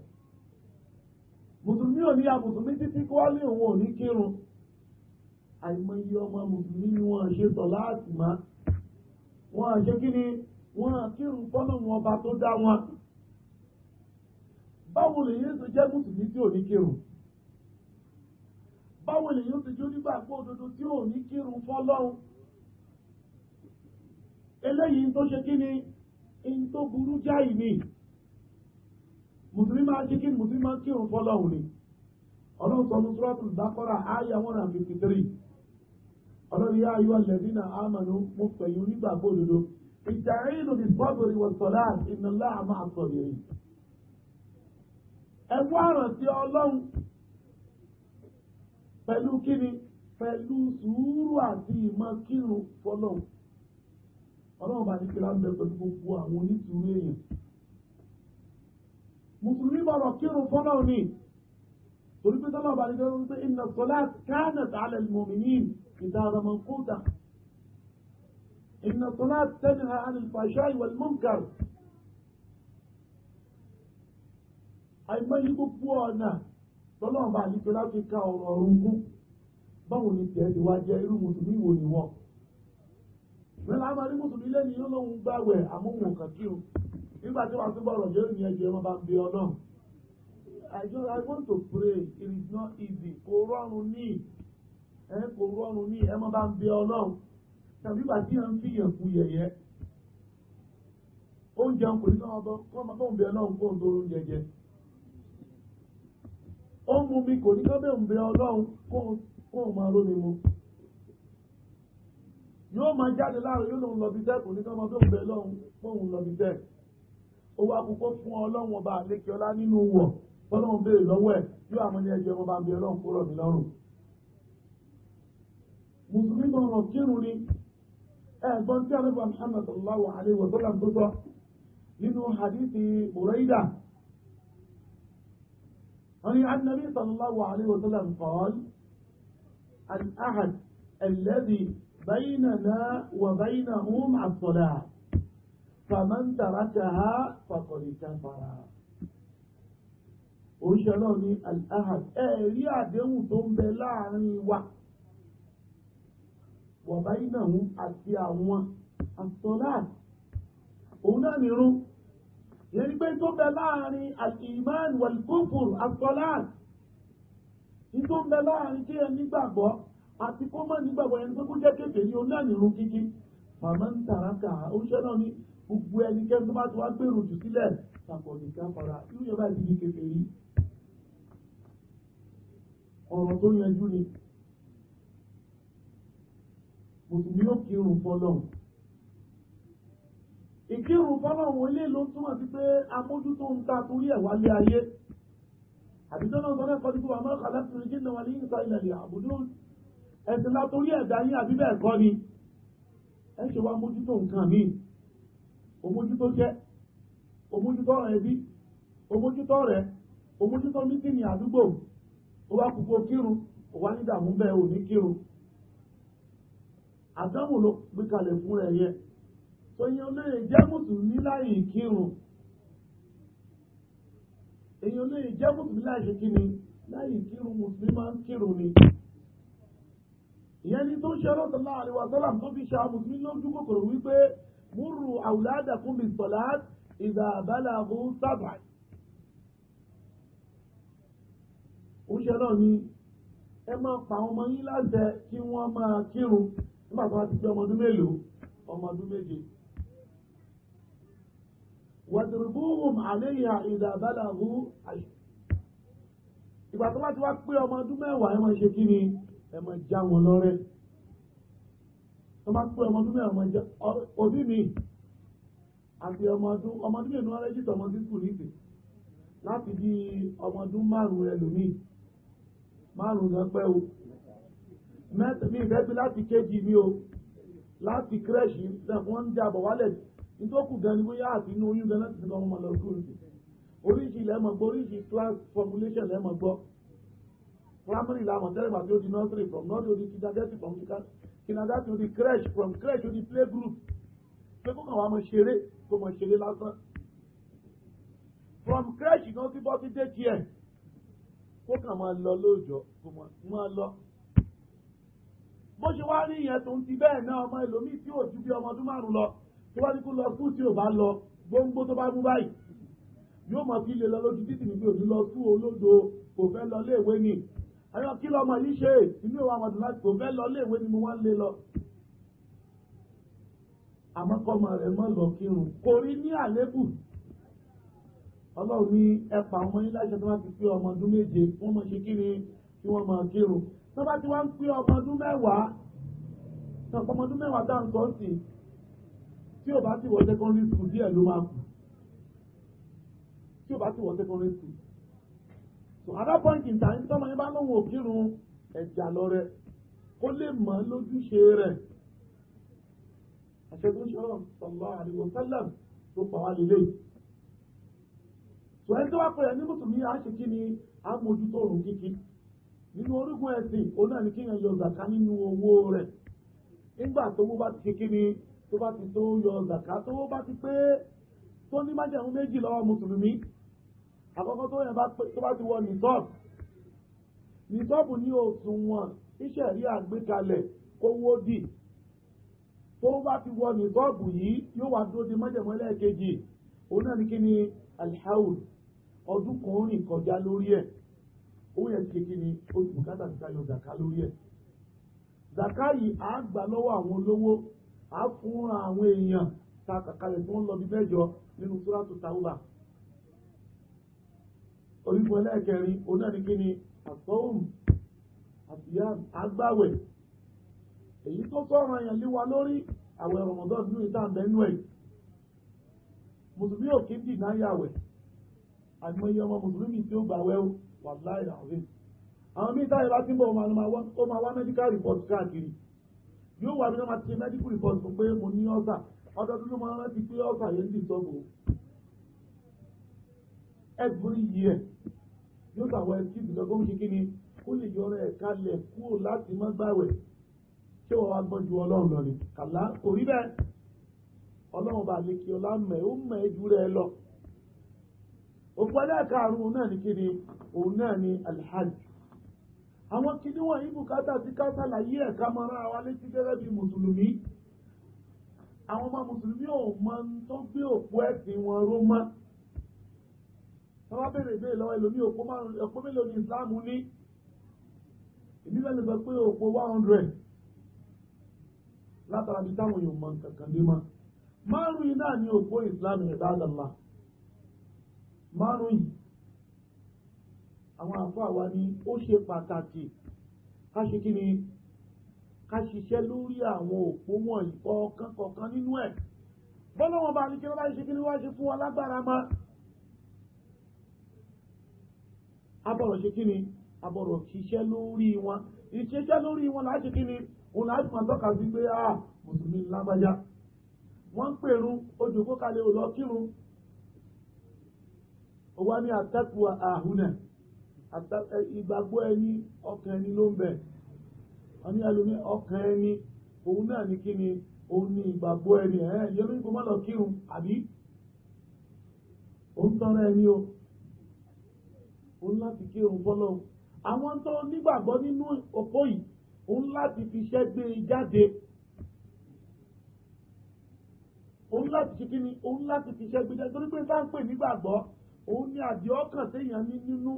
mùsùlùmí ò ní àmùsùlùmí títí kó wá lé òun ò ní kírun àìmọye ọmọ mùsùlùmí ni wọ́n ṣe sọ láti má wọ́n ṣe kí ni wọ́n kírun fọ́nà wọn ọba tó dá wọn báwo lè yín tó jẹ́ mùsùlùmí tí ò ní kírun báwo lè yín tó jẹ́ onígbàgbọ́ òdodo tí ò ní kírun fọ́lọ́run eléyìí tó ṣe kí ni in burú jáì ni. Muslim máa jí kí mùsùlùmí máa kírun fọ́lọ́hùn ni ọlọ́run sọ fún suratul Baqara àyà one and amanu mo pè yín onígbàgbọ́ òdodo ọlọ́run pẹ̀lú kíni pẹ̀lú sùúrù àti ọlọ́run bá pẹ̀lú gbogbo àwọn mùsùlùmí bọ̀rọ̀ kírun fọ́nà ni torí pé tọ́lá ọba àdìgbẹ́ wọn pé inna salat kanat ala al-mu'minin idara manquta inna salat tanha anil fahsha'i wal munkar àìmọye gbogbo ọ̀nà tọ́lá ọba àdìgbẹ́ láti ka ọ̀rọ̀ ọ̀run kú báwo ni tẹ̀ ti wá jẹ́ irú mùsùlùmí wo ni wọ́n. Mẹ́lá máa rí mùsùlùmí lẹ́ni yóò lóun gbàwẹ̀ àmúhùn kàkí o nígbà tí wọ́n tún bọ̀rọ̀ jẹ́ òní ẹ̀jẹ̀ wọn bá bí ọlọ́run I just I want to pray it is not easy kò rọrùn ní ẹ kò rọrùn ní ẹ mọ́ bá ń bí ọlọ́run tàbí ìgbà tí wọ́n fi yàn kú yẹ̀yẹ́ oúnjẹ kò ní sọ́wọ́ bọ́ kọ́ ọmọ bọ́ǹbẹ ọlọ́run kó ń tó oúnjẹ jẹ ó mú mi kò ní sọ́bẹ̀ òǹbẹ ọlọ́run kó ń máa rómi mu yóò máa jáde láàrin yóò lọ bí tẹ́ kò ní sọ́mọ tó ń bẹ ọlọ́run kó ń lọ bí tẹ́ ó wá kúkọ́ fún ọlọ́run ọba àlékè ọlá nínú wọ̀ fọlọ́run béèrè lọ́wọ́ ẹ̀ yóò àmọ́ ní ẹjọ́ ọba bí ọlọ́run kó rọ̀ mí lọ́rùn. mùsùlùmí kan rọ̀ kírun ni ẹ̀gbọ́n tí alẹ́bùn Muhammad sallallahu alayhi wa sallam tó sọ nínú hadithi buraida wọ́n ní annabi sallallahu alayhi wa sallam qala al-ahad alladhi baynana wa baynahum as فمن تركها فقد كفر òṣìṣẹ́ náà ní al-ahad ẹ̀rí àdéhùn tó ń bẹ láàrin wa wọ̀bá iná hun àti àwọn asọ́láàt òun náà nìrún yẹn ni pé tó bẹ láàrin al-iman wal-kufur asọ́láàt ní tó ń bẹ láàrin kí ẹ nígbàgbọ́ àti kó má nígbàgbọ́ yẹn ni pé kó jẹ́ kébè ní òun náà nìrún kíkí màmá ń tàràkà òṣìṣẹ́ náà ní gbogbo ẹnikẹ́ni tó bá ti wá gbèrò jù sílẹ̀ ṣàpọ̀ nìkan fara irú yẹn báyìí ní kékeré yìí ọ̀rọ̀ tó yanjú ni mùsùlùmí yóò kírun fọlọ́hùn ìkírun fọlọ́hùn ilé ló túmọ̀ sí pé amójútó ń ta torí ẹ̀ wálé ayé àbíjọ́ náà sọ lẹ́kọ̀ọ́ nípa àmọ́ ọ̀kà láti rìn jìnnà wà ní ìsọ ilẹ̀ ìlẹ̀ ẹ̀sìn látorí ẹ̀dá yín àbí bẹ́ẹ̀ kọ́ ni ẹ ṣe wá mójútó nǹkan míì òmójútó jẹ́ òmójútó ọ̀rọ̀ ẹbí òmójútó ọ̀rẹ́ òmójútó mítìnì àdúgbò ó wá kúkú kírun ó wá ní ìdààmú bẹ́ẹ̀ ò ní kírun àdánwò ló gbé kalẹ̀ fún rẹ̀ yẹ tó yẹn lè jẹ́ mùsùlùmí láì kírun èèyàn lè jẹ́ mùsùlùmí láì ṣe kíni láì kírun mùsùlùmí máa ń kírun ni ìyẹn ni tó ń ṣe ọlọ́sọ̀lá àríwá sọ́là tó fi ṣe àwọn mùsùlùmí lójú kòkòrò wípé múrù أولادكم بالصلاة إذا بلغوا àbálàbù sábà. oúnjẹ náà ni ẹ máa pa àwọn ọmọ yín láṣẹ kí wọ́n máa kírun nígbà tó bá ti pé ọmọ ọdún mélòó ọmọ ọdún méje. wàdìrìbùhùn àléyà ìdá àyè. ìgbà tó bá ti wá pé ọmọ ọdún mẹ́wàá ẹ máa ṣe kí ni ẹ máa já wọn lọ́rẹ́ tó bá pé ọmọ ọdún mẹ́rin ọmọ jẹ òbí mi àti ọmọ ọdún ọmọ ọdún mẹ́rin wọn rẹ́jìtọ̀ ọmọ ọdún kù níbi láti di ọmọ ọdún márùn-ún ẹlòmíì márùn-ún gan o mẹ́ta mi ìfẹ́ bí láti kéjì mi o láti kírẹ́ṣì wọ́n ń jábọ̀ wálẹ̀ nítòkù gan ni bóyá àti inú oyún gan láti fi ọmọ lọ kúrò níbi oríṣi lẹ́mọ̀ gbọ́ oríṣi class formulation lẹ́mọ̀ gbọ́ primary lamọ̀ tẹ́lẹ̀ gbà tí ó di nursery from in order to the crash from crash to the play group pé kó kàn wá mọ ṣeré kó mọ ṣeré lásán from crash gan kí bọ́ fi dé tiẹ̀ kó kàn máa lọ lóòjọ́ kó máa lọ bó ṣe wá rí ìyẹn tó ń ti bẹ́ẹ̀ náà ọmọ ẹlòmíì tí ò ju bí ọmọ ọdún márùn lọ tó wá ní kó lọ sùn tí ò bá lọ gbóngbó tó bá mú báyìí yóò mọ kí lè lọ lójú títì níbi òní lọ sùn olódo kò fẹ́ lọ léèwé ni ẹ̀yọ́ kí lọ́mọ yìí ṣe inú ìwà àwọn ọ̀dùnlá kò fẹ́ lọ léèwé ni mo wá lé lọ. àmọ́ kọ́mọ rẹ̀ mọ́ lọ kírun kò rí ní àlébù ọlọ́run ní ẹ̀pà ọmọ yín láṣẹ tó bá ti pé ọmọ ọdún méje wọ́n mọ̀ ṣe kí ni kí wọ́n mọ̀ kírun tó bá ti wá ń pé ọmọ ọdún mẹ́wàá ọmọ ọdún mẹ́wàá dá nǹkan sí tí ò bá ti wọ secondary school díẹ̀ ló máa kù tí ò bá ti wọ secondary school so at that point in time tọ́mọ yẹn bá lóhùn òkírun ẹ̀jà lọ rẹ kó lè mọ̀ lójúṣe rẹ̀ àṣẹgun ṣọlọ sọlọ àdìgbò sẹlẹm tó pa wá lélẹ so ẹni tó wá pẹ̀lú ní mùsùlùmí àṣekí ni àmójútó òrùn kíkí nínú orígun ẹ̀sìn òun náà ní kéèyàn yọ zàká nínú owó rẹ̀ nígbà tó bó bá ti kí ni tó bá ti tó yọ zàká tó bó bá ti pé tó ní májèmú méjì lọ́wọ́ mùsùlùmí àkọ́kọ́ tó yẹn tó bá ti wọ nìtọ́ọ̀bù nìtọ́ọ̀bù ní òṣùwọ̀n ìṣẹ̀rí àgbékalẹ̀ kówó dì tó bá ti wọ nìtọ́ọ̀bù yìí yóò wá dúró di mọ́jẹ̀mọ́lẹ̀ kejì òun náà ní kí ni alhaul ọdún kan rìn kọjá lórí ẹ̀ ó yẹ kí kí ni olùbùkátà ti tayọ zaka lórí ẹ̀ zaka yìí á gbà lọ́wọ́ àwọn olówó á fúnra àwọn èèyàn ta kàkàlẹ̀ tí wọ́n lọ bí bẹ́ẹ̀ nínú túrátù tàwùbà orígun ẹlẹ́ẹ̀kẹrin onáníkí ni àtọ́hùn àbíyá agbáwẹ̀ èyí tó sọ̀rọ̀ èèyàn wa lórí àwẹ̀ Ramadan nínú ìta àbẹ́nú ẹ̀ mùsùlùmí òkè dì náà yàwẹ̀ àìmọye ọmọ mùsùlùmí tí ó gbàwẹ̀ ó wà láì ràwẹ̀ àwọn míì táyà bá ti ń bọ̀ ó máa wá medical report káàkiri yóò wà bí wọ́n máa ti medical report fún pé mo ní ọ́sà ọdọọdún ló máa rántí pé ọ́sà yẹn ń dì sọ́gbọ̀ọ́ every year yóò tàwọn ẹtí ìgbìyànjú tó ń ṣe kíni kó lè yọrọ ẹ̀ kalẹ̀ kúrò láti má gbàwẹ̀ tí wọ́n wá gbọ́n ju ọlọ́run lọ ni kàlá kò rí bẹ́ẹ̀ ọlọ́run bá lè kí ọlá mẹ́ ó mẹ́ ju rẹ̀ lọ. òpó ẹlẹ́ẹ̀karùn-ún náà ni kíni òun náà ni alhaj àwọn kíní wọ̀nyí bùkátà sí ká ṣàlàyé ẹ̀ka mọ́ra wa létí gẹ́gẹ́ bí mùsùlùmí àwọn ọmọ mùsùlùmí ò mọ tó gbé òpó ẹ̀sìn wọn ró mọ́ tó bá bèrè ìbéèrè lọ́wọ́ ẹlòmí òpó mélòó ni Islam ní èmi fẹ́ lè sọ pé òpó one hundred látara bí táwọn èèyàn mọ kankan dé mọ́ márùn yìí náà ni òpó Islam ẹ̀dá àdàlà márùn yìí àwọn àfọ àwa ni ó ṣe pàtàkì ká ṣe kí ni ká ṣiṣẹ́ lórí àwọn òpó wọ̀nyí kọ̀ọ̀kan kọ̀ọ̀kan nínú ẹ̀ bọ́lá wọn bá ní kí wọ́n bá ṣe kí ni wọ́n ṣe fún wa lágbára máa. abọ̀rọ̀ ṣe kí ni abọ̀rọ̀ ṣiṣẹ́ lórí wọn ìṣiṣẹ́ lórí wọn láti kí ni òun láti máa tọ́ka sí pé a ah, mùsùlùmí lágbájá wọ́n ń pèrú ojòkó kalẹ̀ ò lọ kírun ó ní àtẹ́kù àhúnẹ̀ ìgbàgbọ́ ẹni ọkàn ẹni ló ń bẹ wọ́n ẹlòmí ọkàn ẹni òun náà ní kí ni òun ní ìgbàgbọ́ ẹni ẹ̀ yẹ́n ló ń kó má lọ kírun àbí o. òun láti kí òun fọ́lọ́ àwọn tó nígbàgbọ́ nínú òpó yìí òun láti fi iṣẹ́ gbé e jáde òun láti ṣe kíni òun láti fi iṣẹ́ gbé e jáde torí pé bá ń pè nígbàgbọ́ òun ni àdì ọkàn téèyàn ní nínú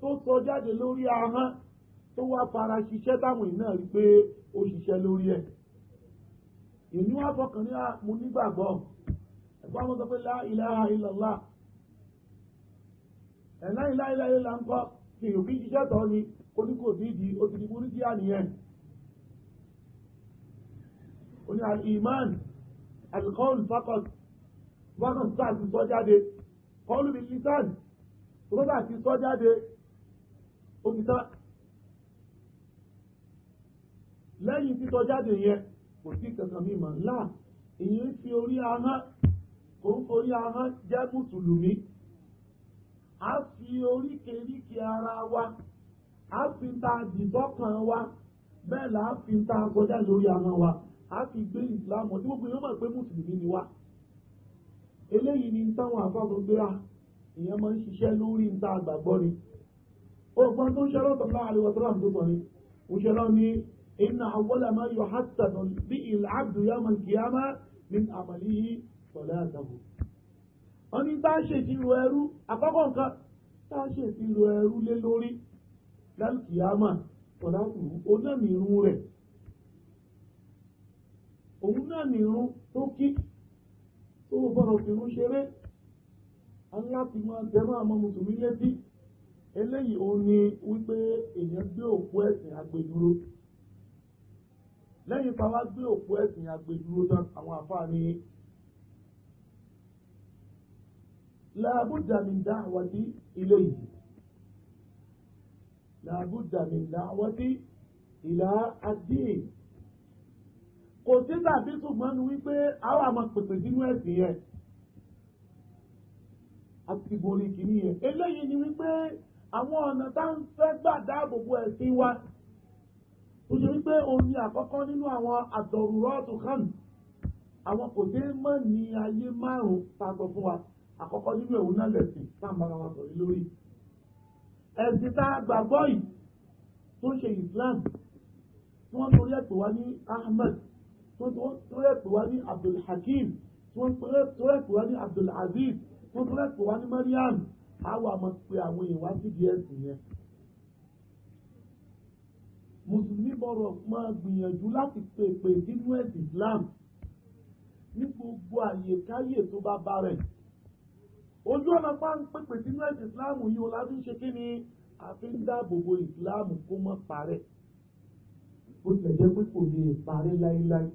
tó sọ jáde lórí ahọ́n tó wá fara ṣiṣẹ́ táwọn ìnáà rí pé ó ṣiṣẹ́ lórí ẹ̀ ìní wá fọkàn ní ah, mo nígbàgbọ́ ẹ̀gbọ́n àwọn sọ pé la ilaha illallah ẹ̀ láìláìláì là ń kọ́ kí ìròkè jíṣẹ́ tọ́ ni oníkò dídì ó ti di burúkú àníyàn ó al-iman al-qawl faqat wọ́n tó àti sọ jáde qawl bil lisan tó tó àti sọ jáde ó ti tán lẹ́yìn títọ́ jáde yẹn kò sí kankan mímọ̀ ńlá èyí ń fi orí ahọ́n kò ń forí ahọ́n jẹ́ mùsùlùmí a fi oríkèéríkèé ara wa a fi ta dìtọ́kàn wa bẹ́ẹ̀ là fi ta kọjá lórí wa a fi gbé ìsìlámù tí gbogbo yẹn mọ̀ pé mùsùlùmí ni wa eléyìí ni táwọn àfọwọ́ gbéra ìyẹn máa ń ṣiṣẹ́ lórí níta àgbàgbọ́ ni ọgbọ́n tó ń ṣe lọ́tọ̀ láàrin tó rà ni inna abdu wọ́n ní bá ṣèṣirò ẹrú àkọ́kọ́ nǹkan tá a ṣèṣirò ẹrú lé lórí lálùkìyàmà tọ̀lákùrú òun náà nìrun rẹ̀ òun náà nìrun tó kí tó gbọ́dọ̀ fìrún ṣeré aláti máa jẹ́mọ́ àmọ́ mùsùlùmí létí eléyìí òun ni wípé èèyàn gbé òkú ẹ̀sìn agbẹjúró lẹ́yìn tá a wá gbé òkú ẹ̀sìn agbẹjúró tán àwọn àfáà làbúdà min da'wati ilayhi làbúdà min da'wati ila ad-din kò sí tàbí ṣùgbọ́n nu wípé àwọn àmọ́ pèsè sínú ẹ̀sìn yẹn àti borí kìíní yẹn eléyìí ni wípé àwọn ọ̀nà tá ń fẹ́ gbà dáàbò bo ẹ̀sìn wa ó ṣe wípé òun ni àkọ́kọ́ nínú àwọn àdọ̀rùrọ́ọ̀tù kan àwọn kò dé mọ́ ní ayé márùn-ún tá fún wa àkọ́kọ́ nínú ẹ̀wù náà lẹ̀sìn sáàmbára wọn sọ̀rọ̀ lórí ẹ̀sìn tá a gbàgbọ́ yìí tó ṣe Islam tí wọ́n torí ẹ̀pẹ̀ wá ní Ahmed tí wọ́n torí ẹ̀pẹ̀ wá ní Abdulhakeem tí wọ́n torí ẹ̀pẹ̀ wá ní Abdulaziz tí wọ́n torí ẹ̀pẹ̀ wá ní Mariam àwọn àmọ́ pé àwọn èèyàn wá di ẹ̀sìn yẹn mùsùlùmí bọ̀rọ̀ máa gbìyànjú láti pèpè nínú ẹ̀sìn Islam ní gbogbo àyèkáyè tó bá bá rẹ̀ ojú ọ̀nà pa ń pèpè sínú ẹ̀sìn ìsìláàmù yìí o láti ń ṣe kí ni a fi ń dáàbò bo ìsìláàmù kó má parẹ́ bó tilẹ̀ jẹ́ pé kò lè parẹ́ láíláí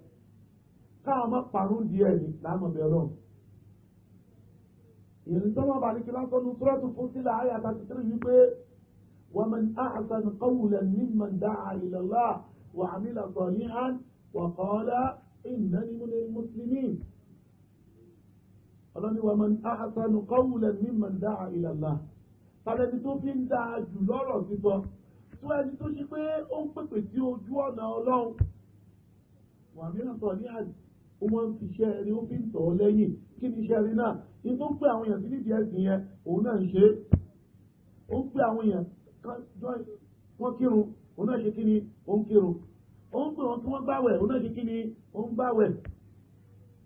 káwọn má parun díẹ̀ ní ìsìláàmù bẹ̀rọ̀ ìrìn tó máa bá ní kí lásán ní túrọ́tù fún sílẹ̀ ayé àtàtì tẹ́lẹ̀ wípé wa man ahsanu qawlan mimman da'a ila Allah wa amila salihan wa qala innani ọlọ́ni wa man ahsanu qawlan mimman da'a ila Allah tàbí ẹni tó fi ń da jù lọ́rọ̀ sísọ tó ẹni tó ṣe pé ó ń pèpè sí ojú ọ̀nà ọlọ́run wà mìíràn sọ ní àjì ó máa ń fi iṣẹ́ rí ó fi ń tọ̀ ọ́ lẹ́yìn kí ni iṣẹ́ rí náà ní tó ń pè àwọn èèyàn sí nídìí ẹ̀sìn yẹn òun náà ń ṣe é ó ń pè àwọn èèyàn wọ́n kírun òun náà ṣe kí ni ó ń kírun ó ń pè wọn kí wọ́n gbàwẹ̀ òun náà ṣe kí ni ó ń gbàwẹ̀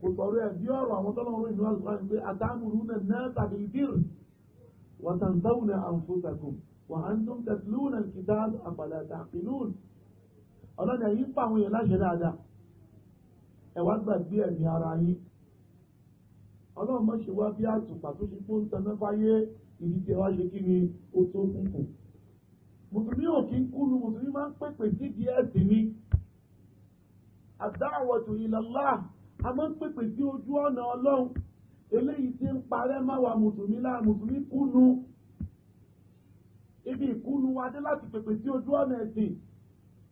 kò sọ̀rọ̀ ẹ̀ bí ọ̀rọ̀ àwọn tọ́lọ́run ìlú àlùfáàní pé àtàmùrú nà náà tàbí bírì wàtàǹtàwùn nà àǹfọ̀tàkùn wà á ń tún tẹ̀sílù nà kìtà àpàlà tàbílùn ọlọ́dẹ yìí pa àwọn èèyàn láṣẹ dáadáa ẹ wá gbàgbé ẹ̀mí ara yín ọlọ́run mọ̀ ṣe wá bí àtùpà tó ṣe pé ó ń tan náà fáyé ìdí tí ẹ wá ṣe kí ni ó tó kúnkùn mùsùlùmí ò kí ń kúlu mùsùlùmí máa ń pèpè sídìí ẹ̀sìn ni àdáwọ̀tò ìlàlá a máa ń pèpè sí ojú ọ̀nà ọlọ́run eléyìí tí ń parẹ́ máa wà mùsùlùmí lára mùsùlùmí kúnu ibi ìkúnu wa dé láti pèpè sí ojú ọ̀nà ẹ̀sìn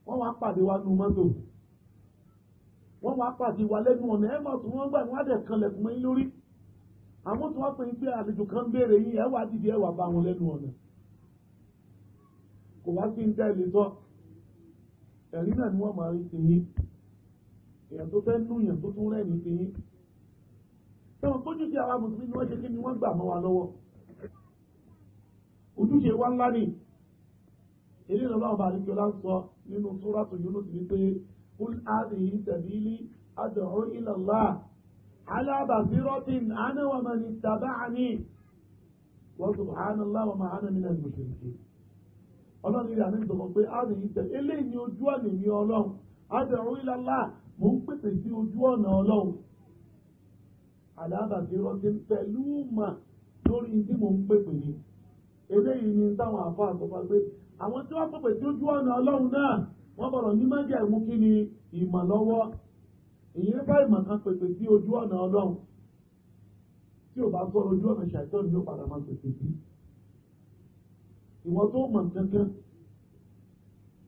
wọ́n wá pàdé wa nu mọ́tò wọ́n wá pàdé wa lẹ́nu ọ̀nà ẹ̀ mọ̀ tó wọ́n gbà wọ́n á dẹ̀ kanlẹ̀ fún yín lórí àwọn tó wọ́n pè é pé àlejò kan béèrè yín ẹ̀ wá dìde ẹ̀ wá bá wọn lẹ́nu ọ̀nà kò wá sí ń dá tọ́ ẹ̀rí náà ni wọ́n máa ń ṣe yín èèyàn tó fẹ́ nú èèyàn tó tún rẹ́ẹ̀mí fi yín ẹ̀wọ̀n kójú sí àwọn mùsùlùmí ni wọ́n ṣe kí ni wọ́n gbà mọ́ wa lọ́wọ́ ojúṣe wa ńlá ni ilé ìrànlọ́wọ́ bá àlejò ń sọ nínú Suratu Yunus wípé ala ana wa man ittaba'ani wa subhanallah wa ma ana minal ọlọ́run pé tẹ̀ eléyìí ọlọ́run mo ń pèpè sí ojú ọ̀nà ọlọ́run àdábàbí rọ́tí pẹ̀lú mà lórí tí mo ń pèpè ní eléyìí ni táwọn àfọ àtọ́fà pé àwọn tí wọ́n pèpè sí ojú ọ̀nà ọlọ́run náà wọ́n bọ̀rọ̀ ní májẹ̀ mú kí ni ìmọ̀ lọ́wọ́ èyí bá ìmọ̀ kan pèpè sí ojú ọ̀nà ọlọ́run tí ò bá sọ̀rọ̀ ojú ọ̀nà ṣàìtọ́ ni ó padà máa pèpè sí ìwọ́n tó mọ̀ kankan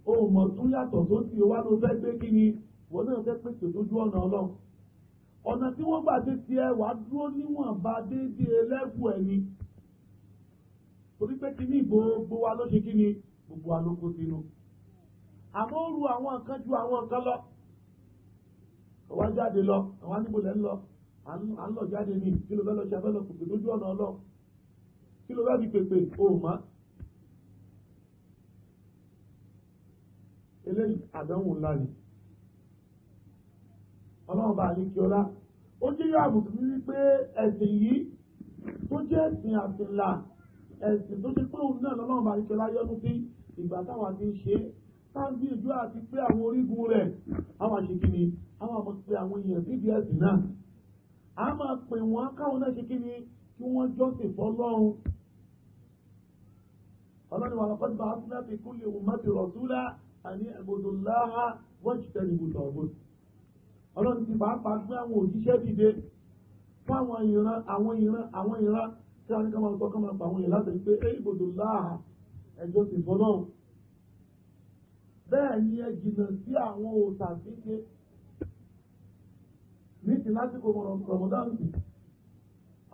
ó mọ̀ tún yàtọ̀ tó ti wá ló fẹ́ gbé kí ni wọn náà fẹ́ pèsè lójú ọ̀nà ọlọ́run ọ̀nà tí wọ́n gbà dé tiẹ̀ wá dúró níwọ̀nba déédéé lẹ́gùn ẹni torí pé kí ní gbogbo wa ló ṣe kí ni gbogbo wa ló kó sínú àmọ́ ó ru àwọn nǹkan ju àwọn nǹkan lọ àwa jáde lọ àwa níbo lẹ́ ń lọ à ń lọ jáde ní kí ló fẹ́ lọ ṣe abẹ́ lọ pèpè lójú ọ̀nà ọlọ́run kí ló fẹ́ fi pèpè òun mọ́ eléyìí àdánwò ńlá ni ọlọ́run bá ní kí ọlá ó jẹ́ yóò àbùkù wípé ẹ̀sìn yìí tó jẹ́ ẹ̀sìn àtìlà ẹ̀sìn tó ṣe pé òun náà lọ́lọ́run bá ní kí ọlá yọ́nú sí ìgbà táwọn àti ṣe táǹbì ìjọ àti pé àwọn orígun rẹ̀ àwọn àṣekíni àwọn àmọ́ pé àwọn èèyàn bíbí ẹ̀sìn náà a máa pè wọ́n káwọn náà ṣe kíni kí wọ́n jọ́sìn fọ́lọ́run ọlọ́run wà lọ́kọ́ ti bá a fún náà fi kúlẹ̀ òun mọ́tò ọlọ́run ti pàápàá gbé àwọn òjíṣẹ́ dìde fáwọn ìran àwọn ìran àwọn ìran tí a ní ká máa sọ ká máa pa àwọn ìran láti pé é ìbòdò láà ẹjọ́ sì fọ́ náà bẹ́ẹ̀ ni ẹ jìnnà sí àwọn òòṣà síse ní ti lásìkò Ramadan sí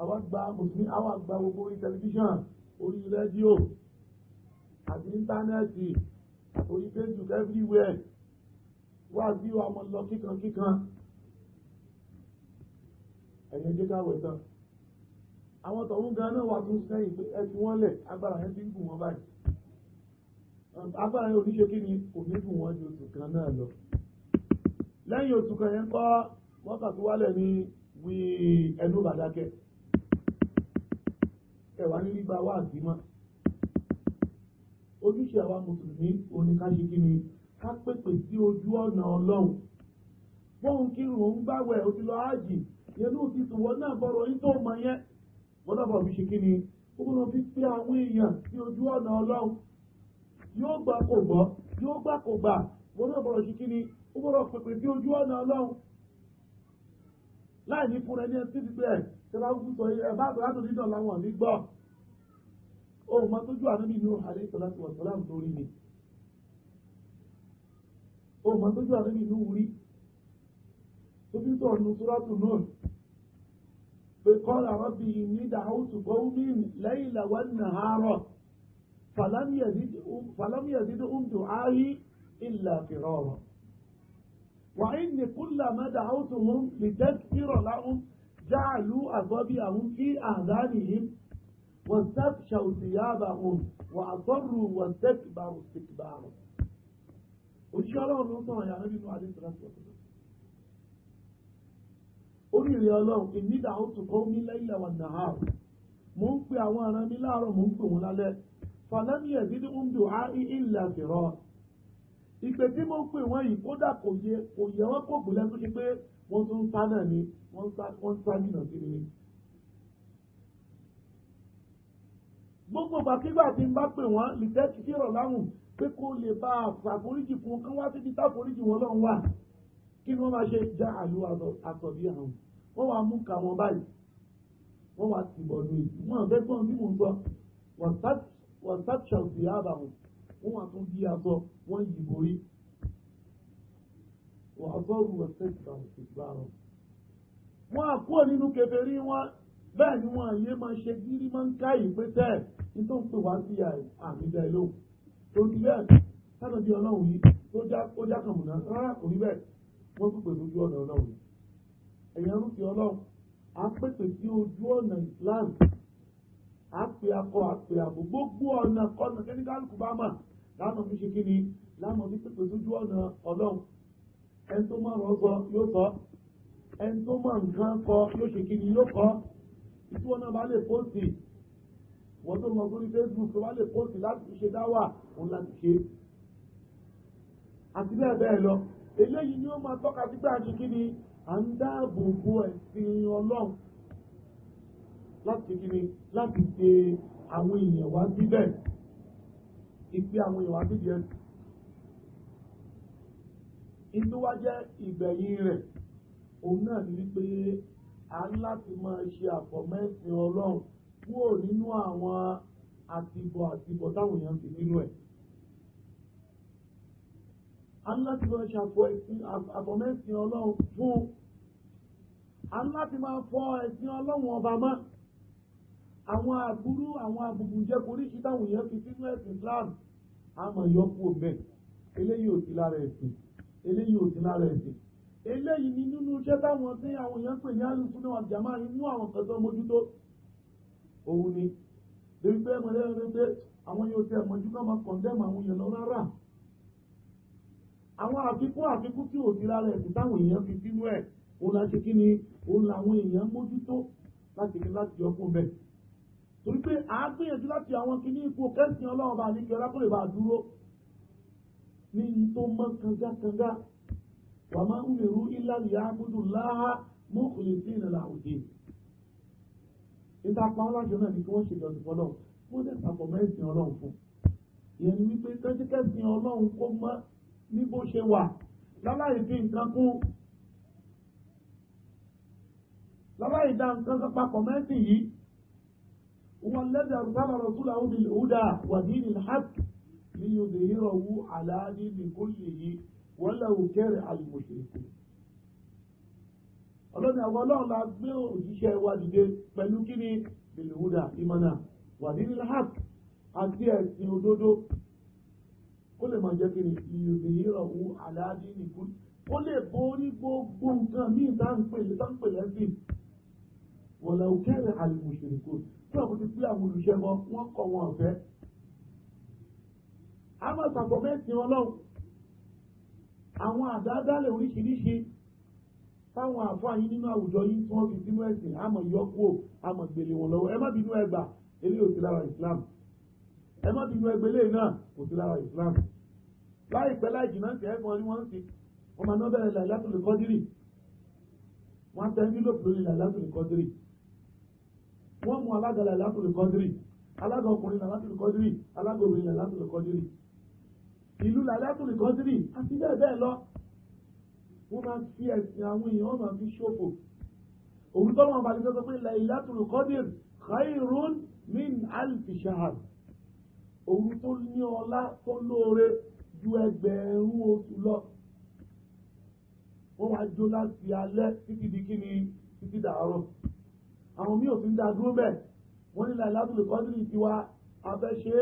àwa gba mùsùlùmí àwa gba gbogbo orí tẹlifíṣàn orí rédíò àti íńtánẹ́ẹ̀tì orí Facebook everywhere wá bí wa mọ lọ kíkan kíkan ẹ̀yẹ jẹ́ káwẹ̀ tán àwọn tọ̀hún gan náà wà tún sẹ́yìn pé ẹ fi wọ́n lẹ̀ agbára yẹn ti ń gùn wọ́n báyìí agbára yẹn oníṣe kí ni òní gùn wọ́n ju oṣù kan náà lọ lẹ́yìn oṣù kan yẹn kọ́ wọ́kà tó wálẹ̀ ní wí ẹnu bàdákẹ́ ẹ̀wà ní gbígba wá àdìmọ́ ojúṣe àwa mùsùlùmí oníkáṣe kí ni ká pèpè sí ojú ọ̀nà ọlọ́run bóun kírun òun gbáwẹ̀ ó ti lọ áàjì yẹn ló ti tùwọ́ náà bọ̀rọ̀ yín tó mọ yẹn gbọ́dọ̀ bọ̀ fi ṣe kí ni ó gbọ́dọ̀ fi pé àwọn èèyàn sí ojú ọ̀nà ọlọ́run yóò gbà kò gbọ́ yóò gbà kò gbà gbọ́dọ̀ bọ̀rọ̀ ṣe kí ni ó gbọ́dọ̀ pèpè sí ojú ọ̀nà ọlọ́run láì ní fúnra ẹni ẹtí ti bẹ́ẹ̀ ṣe bá kú sọ ẹ bá àgbà látòdì náà làwọn ò ní gbọ́ ó mọ tójú àdébì inú wúrí tó bí sọ̀rọ̀ nu túrọ́tù náà pé kọ́ra wọn bí ní dàhùtù gbóhùnmí lẹ́yìn làwọn nàárọ̀ fàlámìyàzídì oúnjẹ ayé ìlà fìrọ̀rọ̀ وإن كلما دعوتهم لتذكر لهم جعلوا أصابعهم في أذانهم واستبشوا ثيابهم وأصروا واستكبروا استكبارا òṣìṣẹ́ ọlọ́run ló ń sọ̀rọ̀ ìyá nínú adé ìtọ́láṣí ọ̀tọ̀tọ̀ ó ní ìrìn ọlọ́run kì ní ìdáhùn tó kọ́ mí lẹ́yìn àwọn nàá mò ń pe àwọn ará mi láàárọ̀ mò ń pè wọn lálẹ́ fàlẹ́mì ẹ̀bí ní ń dùn á ní ilẹ̀ ìpè tí mò ń pè wọ́n yìí kódà kò yẹ kò yẹ wọ́n kò bù lẹ́nu pé wọ́n tún ń sá náà ni wọ́n ń sá wọ́n ń sá nínà sí ni. gbogbo gbàkígbà tí ń bá pè wọ́n lìtẹ́ ti kírọ̀ láwùn pé kó lè bá àforíjì fún kán wá síbi táforíjì wọn lọ́n wà kí ni wọ́n máa ṣe já àlú àtọ̀bí àwọn wọ́n wá mú ka wọn báyìí wọ́n wá sì bọ̀ lu èyí wọ́n fẹ́ gbọ́n bí mò ń gbọ́ wọ́n sàtúnṣàǹsì àbàwọ̀n wọ́n wá tún bí aṣọ wọ́n yìí borí wọ́n aṣọ́rù wọ́n sẹ́kìtà ìgbàrọ̀ wọ́n á kúrò nínú kèfèrí wọn bẹ́ẹ̀ ni wọ́n àyè máa ṣe gírí máa ń káyìí pé tẹ́ẹ̀ nítorí pé wàá sí àmì torí bẹ́ẹ̀ sábà bí ọlọ́run yìí tó já tó já kàn múná rárá kò rí bẹ́ẹ̀ wọ́n tún pèsè ojú ọ̀nà ọlọ́run ẹ̀yìn arúgbó ọlọ́run a pèsè sí ojú ọ̀nà Islam á pè akọ àpè àbò gbogbo ọ̀nà kọ́nà kẹ́míkálùkù bá mà lánàá fi ṣe kí ni lánàá fi pèsè ojú ọ̀nà ọlọ́run ẹni tó mọ̀ ọ̀rọ̀ sọ yóò sọ ẹni tó mọ̀ nǹkan kọ yóò ṣe kí ni yóò kọ ìtúwọ́n náà bá lè pósìtì wọ́n tó mọ sórí Facebook tó wá lè post láti ṣe dáwà òun láti ṣe àti bẹ́ẹ̀ bẹ́ẹ̀ lọ eléyìí ni ó máa tọ́ka sí pé àṣẹ kíni à ń dáàbò bo ẹ̀sìn ọlọ́run láti kíni láti ṣe àwọn èèyàn wá síbẹ̀ ìpè àwọn èèyàn wá síbẹ̀ inú wa jẹ́ ìgbẹ̀yìn rẹ̀ òun náà ni wípé a ń láti máa ṣe àfọ̀mẹ́sìn ọlọ́run kúrò nínú àwọn àtibọ̀ àtibọ̀ táwọn èèyàn ti nínú ẹ̀. aláti máa ṣàfọ ẹ̀sìn àfọmẹ́sìn ọlọ́run fún aláti máa fọ ẹ̀sìn ọlọ́run ọba mọ́ àwọn àbúrú àwọn abùbùjẹ́ oríṣi táwọn èèyàn fi sínú ẹ̀sìn Islam a máa yọ kú ọbẹ̀ eléyìí ò sí lára ẹ̀sìn eléyìí ò sí lára ẹ̀sìn eléyìí ni nínú iṣẹ́ táwọn tí àwọn èèyàn pè ní alùpùpù náà jàmáà inú àwọn kan tó mójútó òun ni débi pé ẹmọdé ẹni pé àwọn yóò tẹ ẹmọdé náà máa kọ̀ndẹ́mù àwọn èèyàn lọ rárá àwọn àfikún àfikún tí ò nira rẹ̀ sí táwọn èèyàn fi bínú ẹ̀ òun la ṣe kí ni òun làwọn èèyàn mójútó láti ní láti ọkùn bẹ̀ torí pé a ń gbìyànjú láti àwọn kìíní ipò kẹ́sìn ọlọ́run bá ní kí ọlá kó lè bá dúró ní tó mọ́ kangakanga wà máa ń mèrú ilá ìyá agbódùn láhá mọ́kùnrin sí ìrìnlá òde nígbà pa wọn láṣọ náà ni kí wọ́n ṣe ìjọsìn fọlọ́run wọ́n dẹ̀ sàpọ̀ mẹ́sìn ọlọ́run fún ìyẹn ni wípé kẹ́síkẹ́sìn ọlọ́run kó mọ́ ní bó ṣe wà láláì fi nǹkan kún láláì dá nǹkan kan papọ̀ mẹ́sìn yìí wọ́n lẹ́dà rúbára rọ̀túlà ó di lòúdà wà ní ìlú hàk ní yóò dé yírọ̀ wú àlàá nìkó lè yí wọ́n lẹ́wọ̀ kẹ́rẹ̀ àlùmọ̀ṣẹ̀kù ọlọ́ni àwọn ọlọ́run la gbé òjíṣẹ́ wa dìde pẹ̀lú kí ni bèlúwúdà ìmọ̀nà wà ní láàk àti ẹ̀sìn òdodo kó lè máa jẹ́ kí ni ìrìn ìrọ̀wù aláàdí nìkú ó lè borí gbogbo nǹkan míì táǹpẹ̀lẹ̀ táǹpẹ̀lẹ̀ sí wọ̀lẹ̀ òkèrè àlùmùsìnkú tí wọ́n ti pé àwọn olùṣẹ́ wọn wọ́n kọ̀ wọn ọ̀fẹ́ àwọn àtàkọ́ mẹ́sìn ọlọ́run àwọn àdádálẹ̀ oríṣiríṣi táwọn àfáà yín nínú àwùjọ yín tí wọ́n fi sínú ẹ̀sìn àmọ̀ yọkú àmọ̀ gbèlè wọn lọ́wọ́ ẹ má bínú ẹgbà eléyìí ò sí lára Islam ẹ má bínú ẹgbẹ́ eléyìí náà kò sí lára Islam láìpẹ́ láì jìnnà sí ẹ̀kan ni wọ́n ń sìn wọ́n máa ná bẹ̀rẹ̀ Lailatul Qadri wọ́n á tẹ envelope lórí Lailatul Qadri wọ́n mú alága Lailatul Qadri alága ọkùnrin Lailatul Qadri alága obìnrin Lailatul Qadri ìlú Lailatul Qadri àti bẹ́ẹ̀ bẹ́ẹ̀ lọ wọ́n máa fi ẹ̀sìn àwọn èèyàn máa fi ṣòfò òun tọ́lọ́ wọn balẹ̀ sọ pé Laylatul Qadr khairun min alfi shahr òun tó ní ọlá tó lóore ju ẹgbẹ̀rún oṣù lọ wọ́n wá jó láti alẹ́ títí di kíni títí dàárọ̀ àwọn míì ò fi ń da dúró bẹ́ẹ̀ wọ́n ní Laylatul Qadr tiwa abẹ́ṣe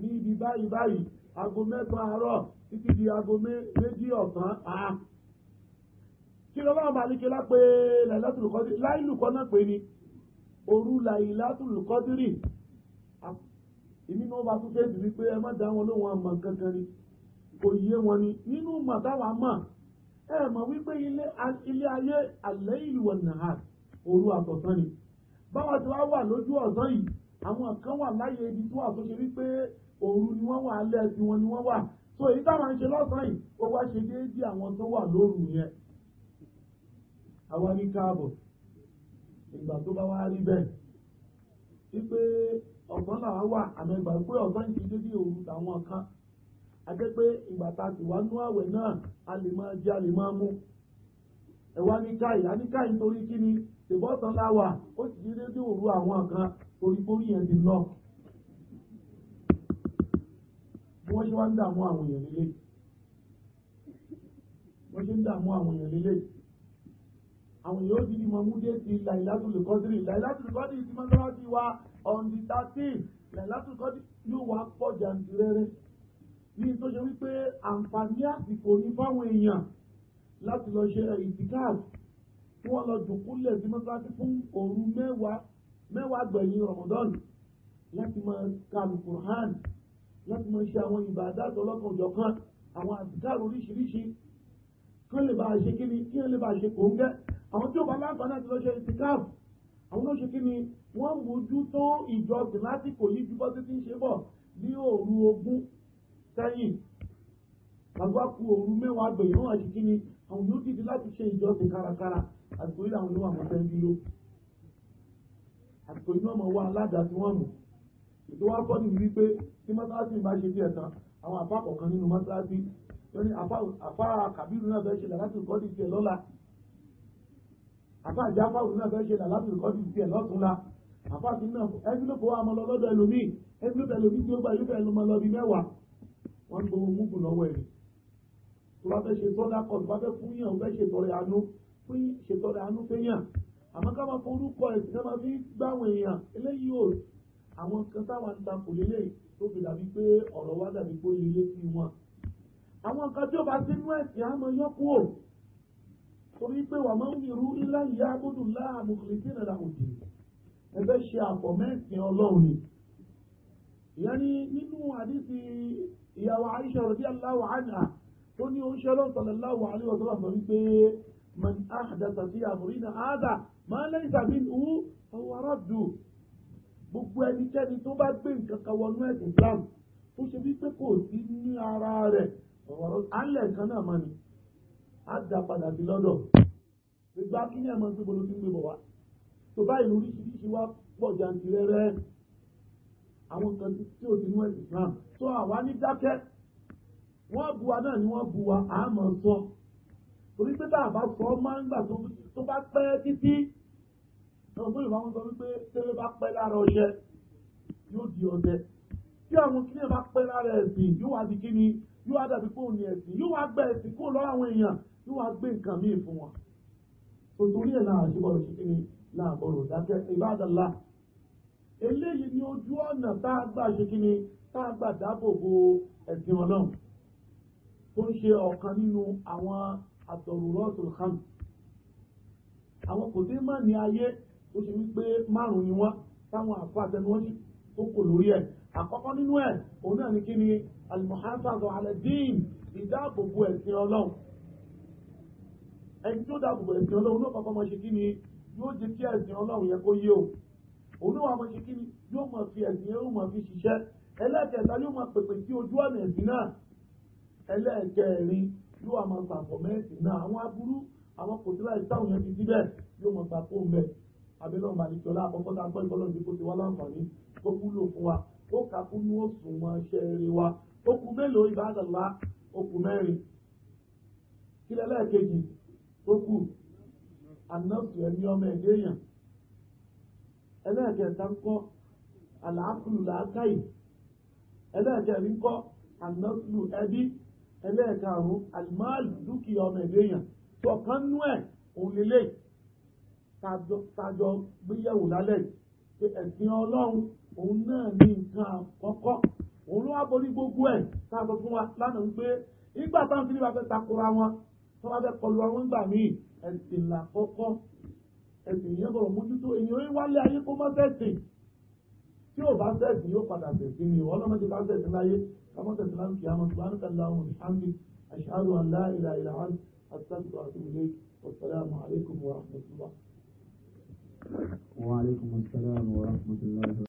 ní ibi báyìí báyìí aago mẹ́sàn-án àárọ̀ títí di aago méjì ọ̀sán àá kí lọ́wọ́ àbálẹ́kẹ́ lápé lailatul qadri láìlùkọ́ náà pé ni òru lailatul qadri èmi náà bá tún fẹ́ẹ̀sì wípé ẹ má dá wọn lóhun àmọ́ kankan ni kò yé wọn ni nínú mọ̀ táwa mọ̀ ẹ mọ̀ wípé ilé ayé alẹ́ ìlú ọ̀nà òru àtọ̀sán ni báwa ti wá wà lójú ọ̀sán yìí àwọn kan wà láyé ibi tó wà tó ṣe wípé òru ni wọ́n wà alẹ́ ẹ̀sìn wọn ni wọ́n wà so èyí táwọn ń ṣe lọ́sàn-án yìí ó wá ṣe déédéé àwọn tó wà lóru yẹn àwa ní káàbọ̀ ìgbà tó bá wá rí bẹ́ẹ̀ wípé ọ̀sán làwa wà àmọ́ ìgbà pé ọ̀sán yìí dédé òru làwọn kan ajẹ́ pé ìgbà tá a sì wá nú àwẹ̀ náà a lè máa jẹ a lè máa mú ẹ̀wá ní káyì á ní káyì torí kí ni ìbọ̀sán láwà ó sì dédé òru àwọn kan torí yẹn ti àwọn yóò ti di mọ̀múdé ti làìlátùlù kọ́dìrì làìlátùlù kọ́dìrì ti mọ́tọ́lá ti wá on the thirteen làìlátùlù kọ́dìrì yóò wá pọ̀ jàǹtìrẹrẹ ní tó ṣe wípé àǹfààní àsìkò ní fáwọn èèyàn láti lọ ṣe ìtìkáàf kí wọ́n lọ dùnkúlẹ̀ sí mọ́tọ́lá ti fún òru mẹ́wàá mẹ́wàá gbẹ̀yìn Ramadan láti máa ka alukur'an láti máa ṣe àwọn ìbàdàn ọlọ́kan-ò-jọ̀kan àwọn àtìkáàf oríṣiríṣi kí wọ́n lè bá a ṣe kí ni kí wọ́n lè bá a ṣe kò ń gẹ́ àwọn tí ó bá láǹfà náà ti lọ ṣe ìsìnkáàfù àwọn ló ṣe kí ni wọ́n mójú tó ìjọsìn lásìkò yìí ju bọ́sí ti ń ṣe bọ̀ ní òru ogún sẹ́yìn àgbà ku òru mẹ́wàá gbẹ̀yìn wọn àti kíni àwọn yóò dìde láti ṣe ìjọsìn kárakára àsìkò yìí làwọn yóò àmọ́ fẹ́ẹ́ dúró àsìkò yìí náà mọ̀ wá aládàá tí wọ́n mọ̀ ètò wa kọ́ nìyí wípé tí mọ́sálásí bá ṣe díẹ̀ tán àwọn àfa kọ̀ọ̀kan nínú mọ́sálásí lórí àbá ìjáfà òun náà fẹ́ ṣe là láti ìkọ́ ti tiẹ̀ lọ́túnla àbá ti náà ẹgbẹ́lópọ̀ wa mọ lọ lọ́dọ̀ ẹlòmíì ẹgbẹ́lópọ̀ ẹlòmíì tí ó gba ìlúfẹ́ ẹlòmọ lọ bí mẹ́wàá wọ́n gbowó múkù lọ́wọ́ ẹ̀ tó bá fẹ́ ṣe sọ́dá kọ́ tó bá fẹ́ fún yàn fẹ́ ṣètọrẹ àánú fún ṣètọrẹ àánú fẹ́yàn àmọ́ ká máa forúkọ ẹ̀sìn náà máa fi gbáwọn torí pé wà máa ń yìrú ilá ìyá gbọ́dọ̀ láàmú kìrìtìrì ra òdì ẹgbẹ́ ṣe àpọ̀ mẹ́sìn ọlọ́run ni ìyá ni nínú àdìsí ìyàwó Aisha radiyallahu anha tó ní oúnjẹ sallallahu alaihi wa sallam wípé man ahdatha fi amrina hadha ma laysa minhu fahuwa raddu gbogbo ẹnikẹ́ni tó bá gbé nǹkan wọnú ẹ̀sìn Islam tó ṣe wípé kò sí ní ara rẹ̀ ọ̀rọ̀ alẹ́ kan náà mọ́ ni Adapada dá padà sí lọ́dọ̀ gbogbo akínyẹ̀ mọ́ sí bolo tí ń gbé bọ̀ wá tó báyìí ní oríṣiríṣi wá pọ̀ jàǹtìrẹrẹ àwọn kan tí ò ti mú ẹ̀sìn Islam tó àwa ní dákẹ́ wọ́n bu wa náà ni wọ́n bu wa à mọ̀ sọ torí pé tá a bá sọ máa ń gbà tó bá pẹ́ títí náà tó ìwà wọn sọ wípé tẹ́lẹ̀ bá pẹ́ lára ọṣẹ yóò di ọdẹ tí àwọn kíni bá pẹ́ lára ẹ̀sìn yóò wá di kíni yóò wá dàbí kóòní ẹ̀sìn yóò wá gbẹ ẹ̀sìn kó lọ́wọ́ àwọn èèyàn yóò wá gbé nǹkan míì fún wọn tó torí ẹ̀ náà àṣìbọ̀rọ̀ ṣe kí ni láàbọ̀rọ̀ dákẹ́ ìbádàlá eléyìí ni ojú ọ̀nà tá a gbà ṣe kí ni tá a gbà dáàbò bo ẹ̀sìn ọlọ́run tó ń ṣe ọ̀kan nínú àwọn àtọ̀rùrọ́ọ̀tò kan àwọn kò dé má ní ayé ó ṣe wípé márùn-ún ni wọ́n táwọn àfọ àtẹnuwọ́n ní ó kò lórí ẹ̀ àkọ́kọ́ nínú ẹ̀ òun náà ni kí ni alimuhammadu aladeen ìdáàbòbò ẹ̀sìn ọlọ́run ẹni tó dàbò ẹ̀sìn ọlọ́run ló kọ́kọ́ mọ̀ ṣe kí ni yóò jẹ́ kí ẹ̀sìn ọlọ́run yẹn kó yé o òun náà mọ̀ kí ni yóò mọ̀ fi ẹ̀sìn yẹn yóò mọ̀ fi ṣiṣẹ́ ẹlẹ́ẹ̀kẹta yóò mọ̀ pèpè sí ojú ọ̀nà ẹ̀sìn náà ẹlẹ́ẹ̀kẹrin yóò àmọ́ gbàgbọ́ mẹ́sìn náà àwọn aburú àwọn kòtílà ìtàwọn yẹn ti síbẹ̀ yóò mọ̀ tó kù anọ́ọ̀sì ẹ̀mí ọmọ ẹ̀dẹ́ èèyàn ẹlẹ́ẹ̀kẹta ń kọ́ àlàáfíù làákàyè ẹlẹ́ẹ̀kẹrin ń kọ́ anọ́ọ̀sì ẹbí ẹlẹ́ẹ̀karùn-ún àlùmáàlù dúkìá ọmọ ẹ̀dẹ́ èèyàn tọ̀kan nú ẹ̀ òun lélẹ̀ tájọ gbéyẹ̀wò lálẹ́ pé ẹ̀sìn ọlọ́run òun náà ní nǹkan àkọ́kọ́ òun ló wá borí gbogbo ẹ̀ tá a sọ fún wa lánàá ń pé nígbà táwọn ti ní wàá fẹ́ takora wọn tó wá fẹ́ kọlu àwọn gbà míì ẹ̀sìn là kọ́kọ́ ẹ̀sìn yẹn bọ̀rọ̀ mójútó èyàn ń wálé ayé kó má sẹ̀sìn tí ò bá sẹ̀sìn yóò padà sẹ̀sìn ni ìwọ lọ́mọdé bá sẹ̀sìn láyé kámọ́ sẹ̀sìn láyé kìí àmọ́ ṣùgbọ́n àlùkà làwọn olùhàmì àṣàrò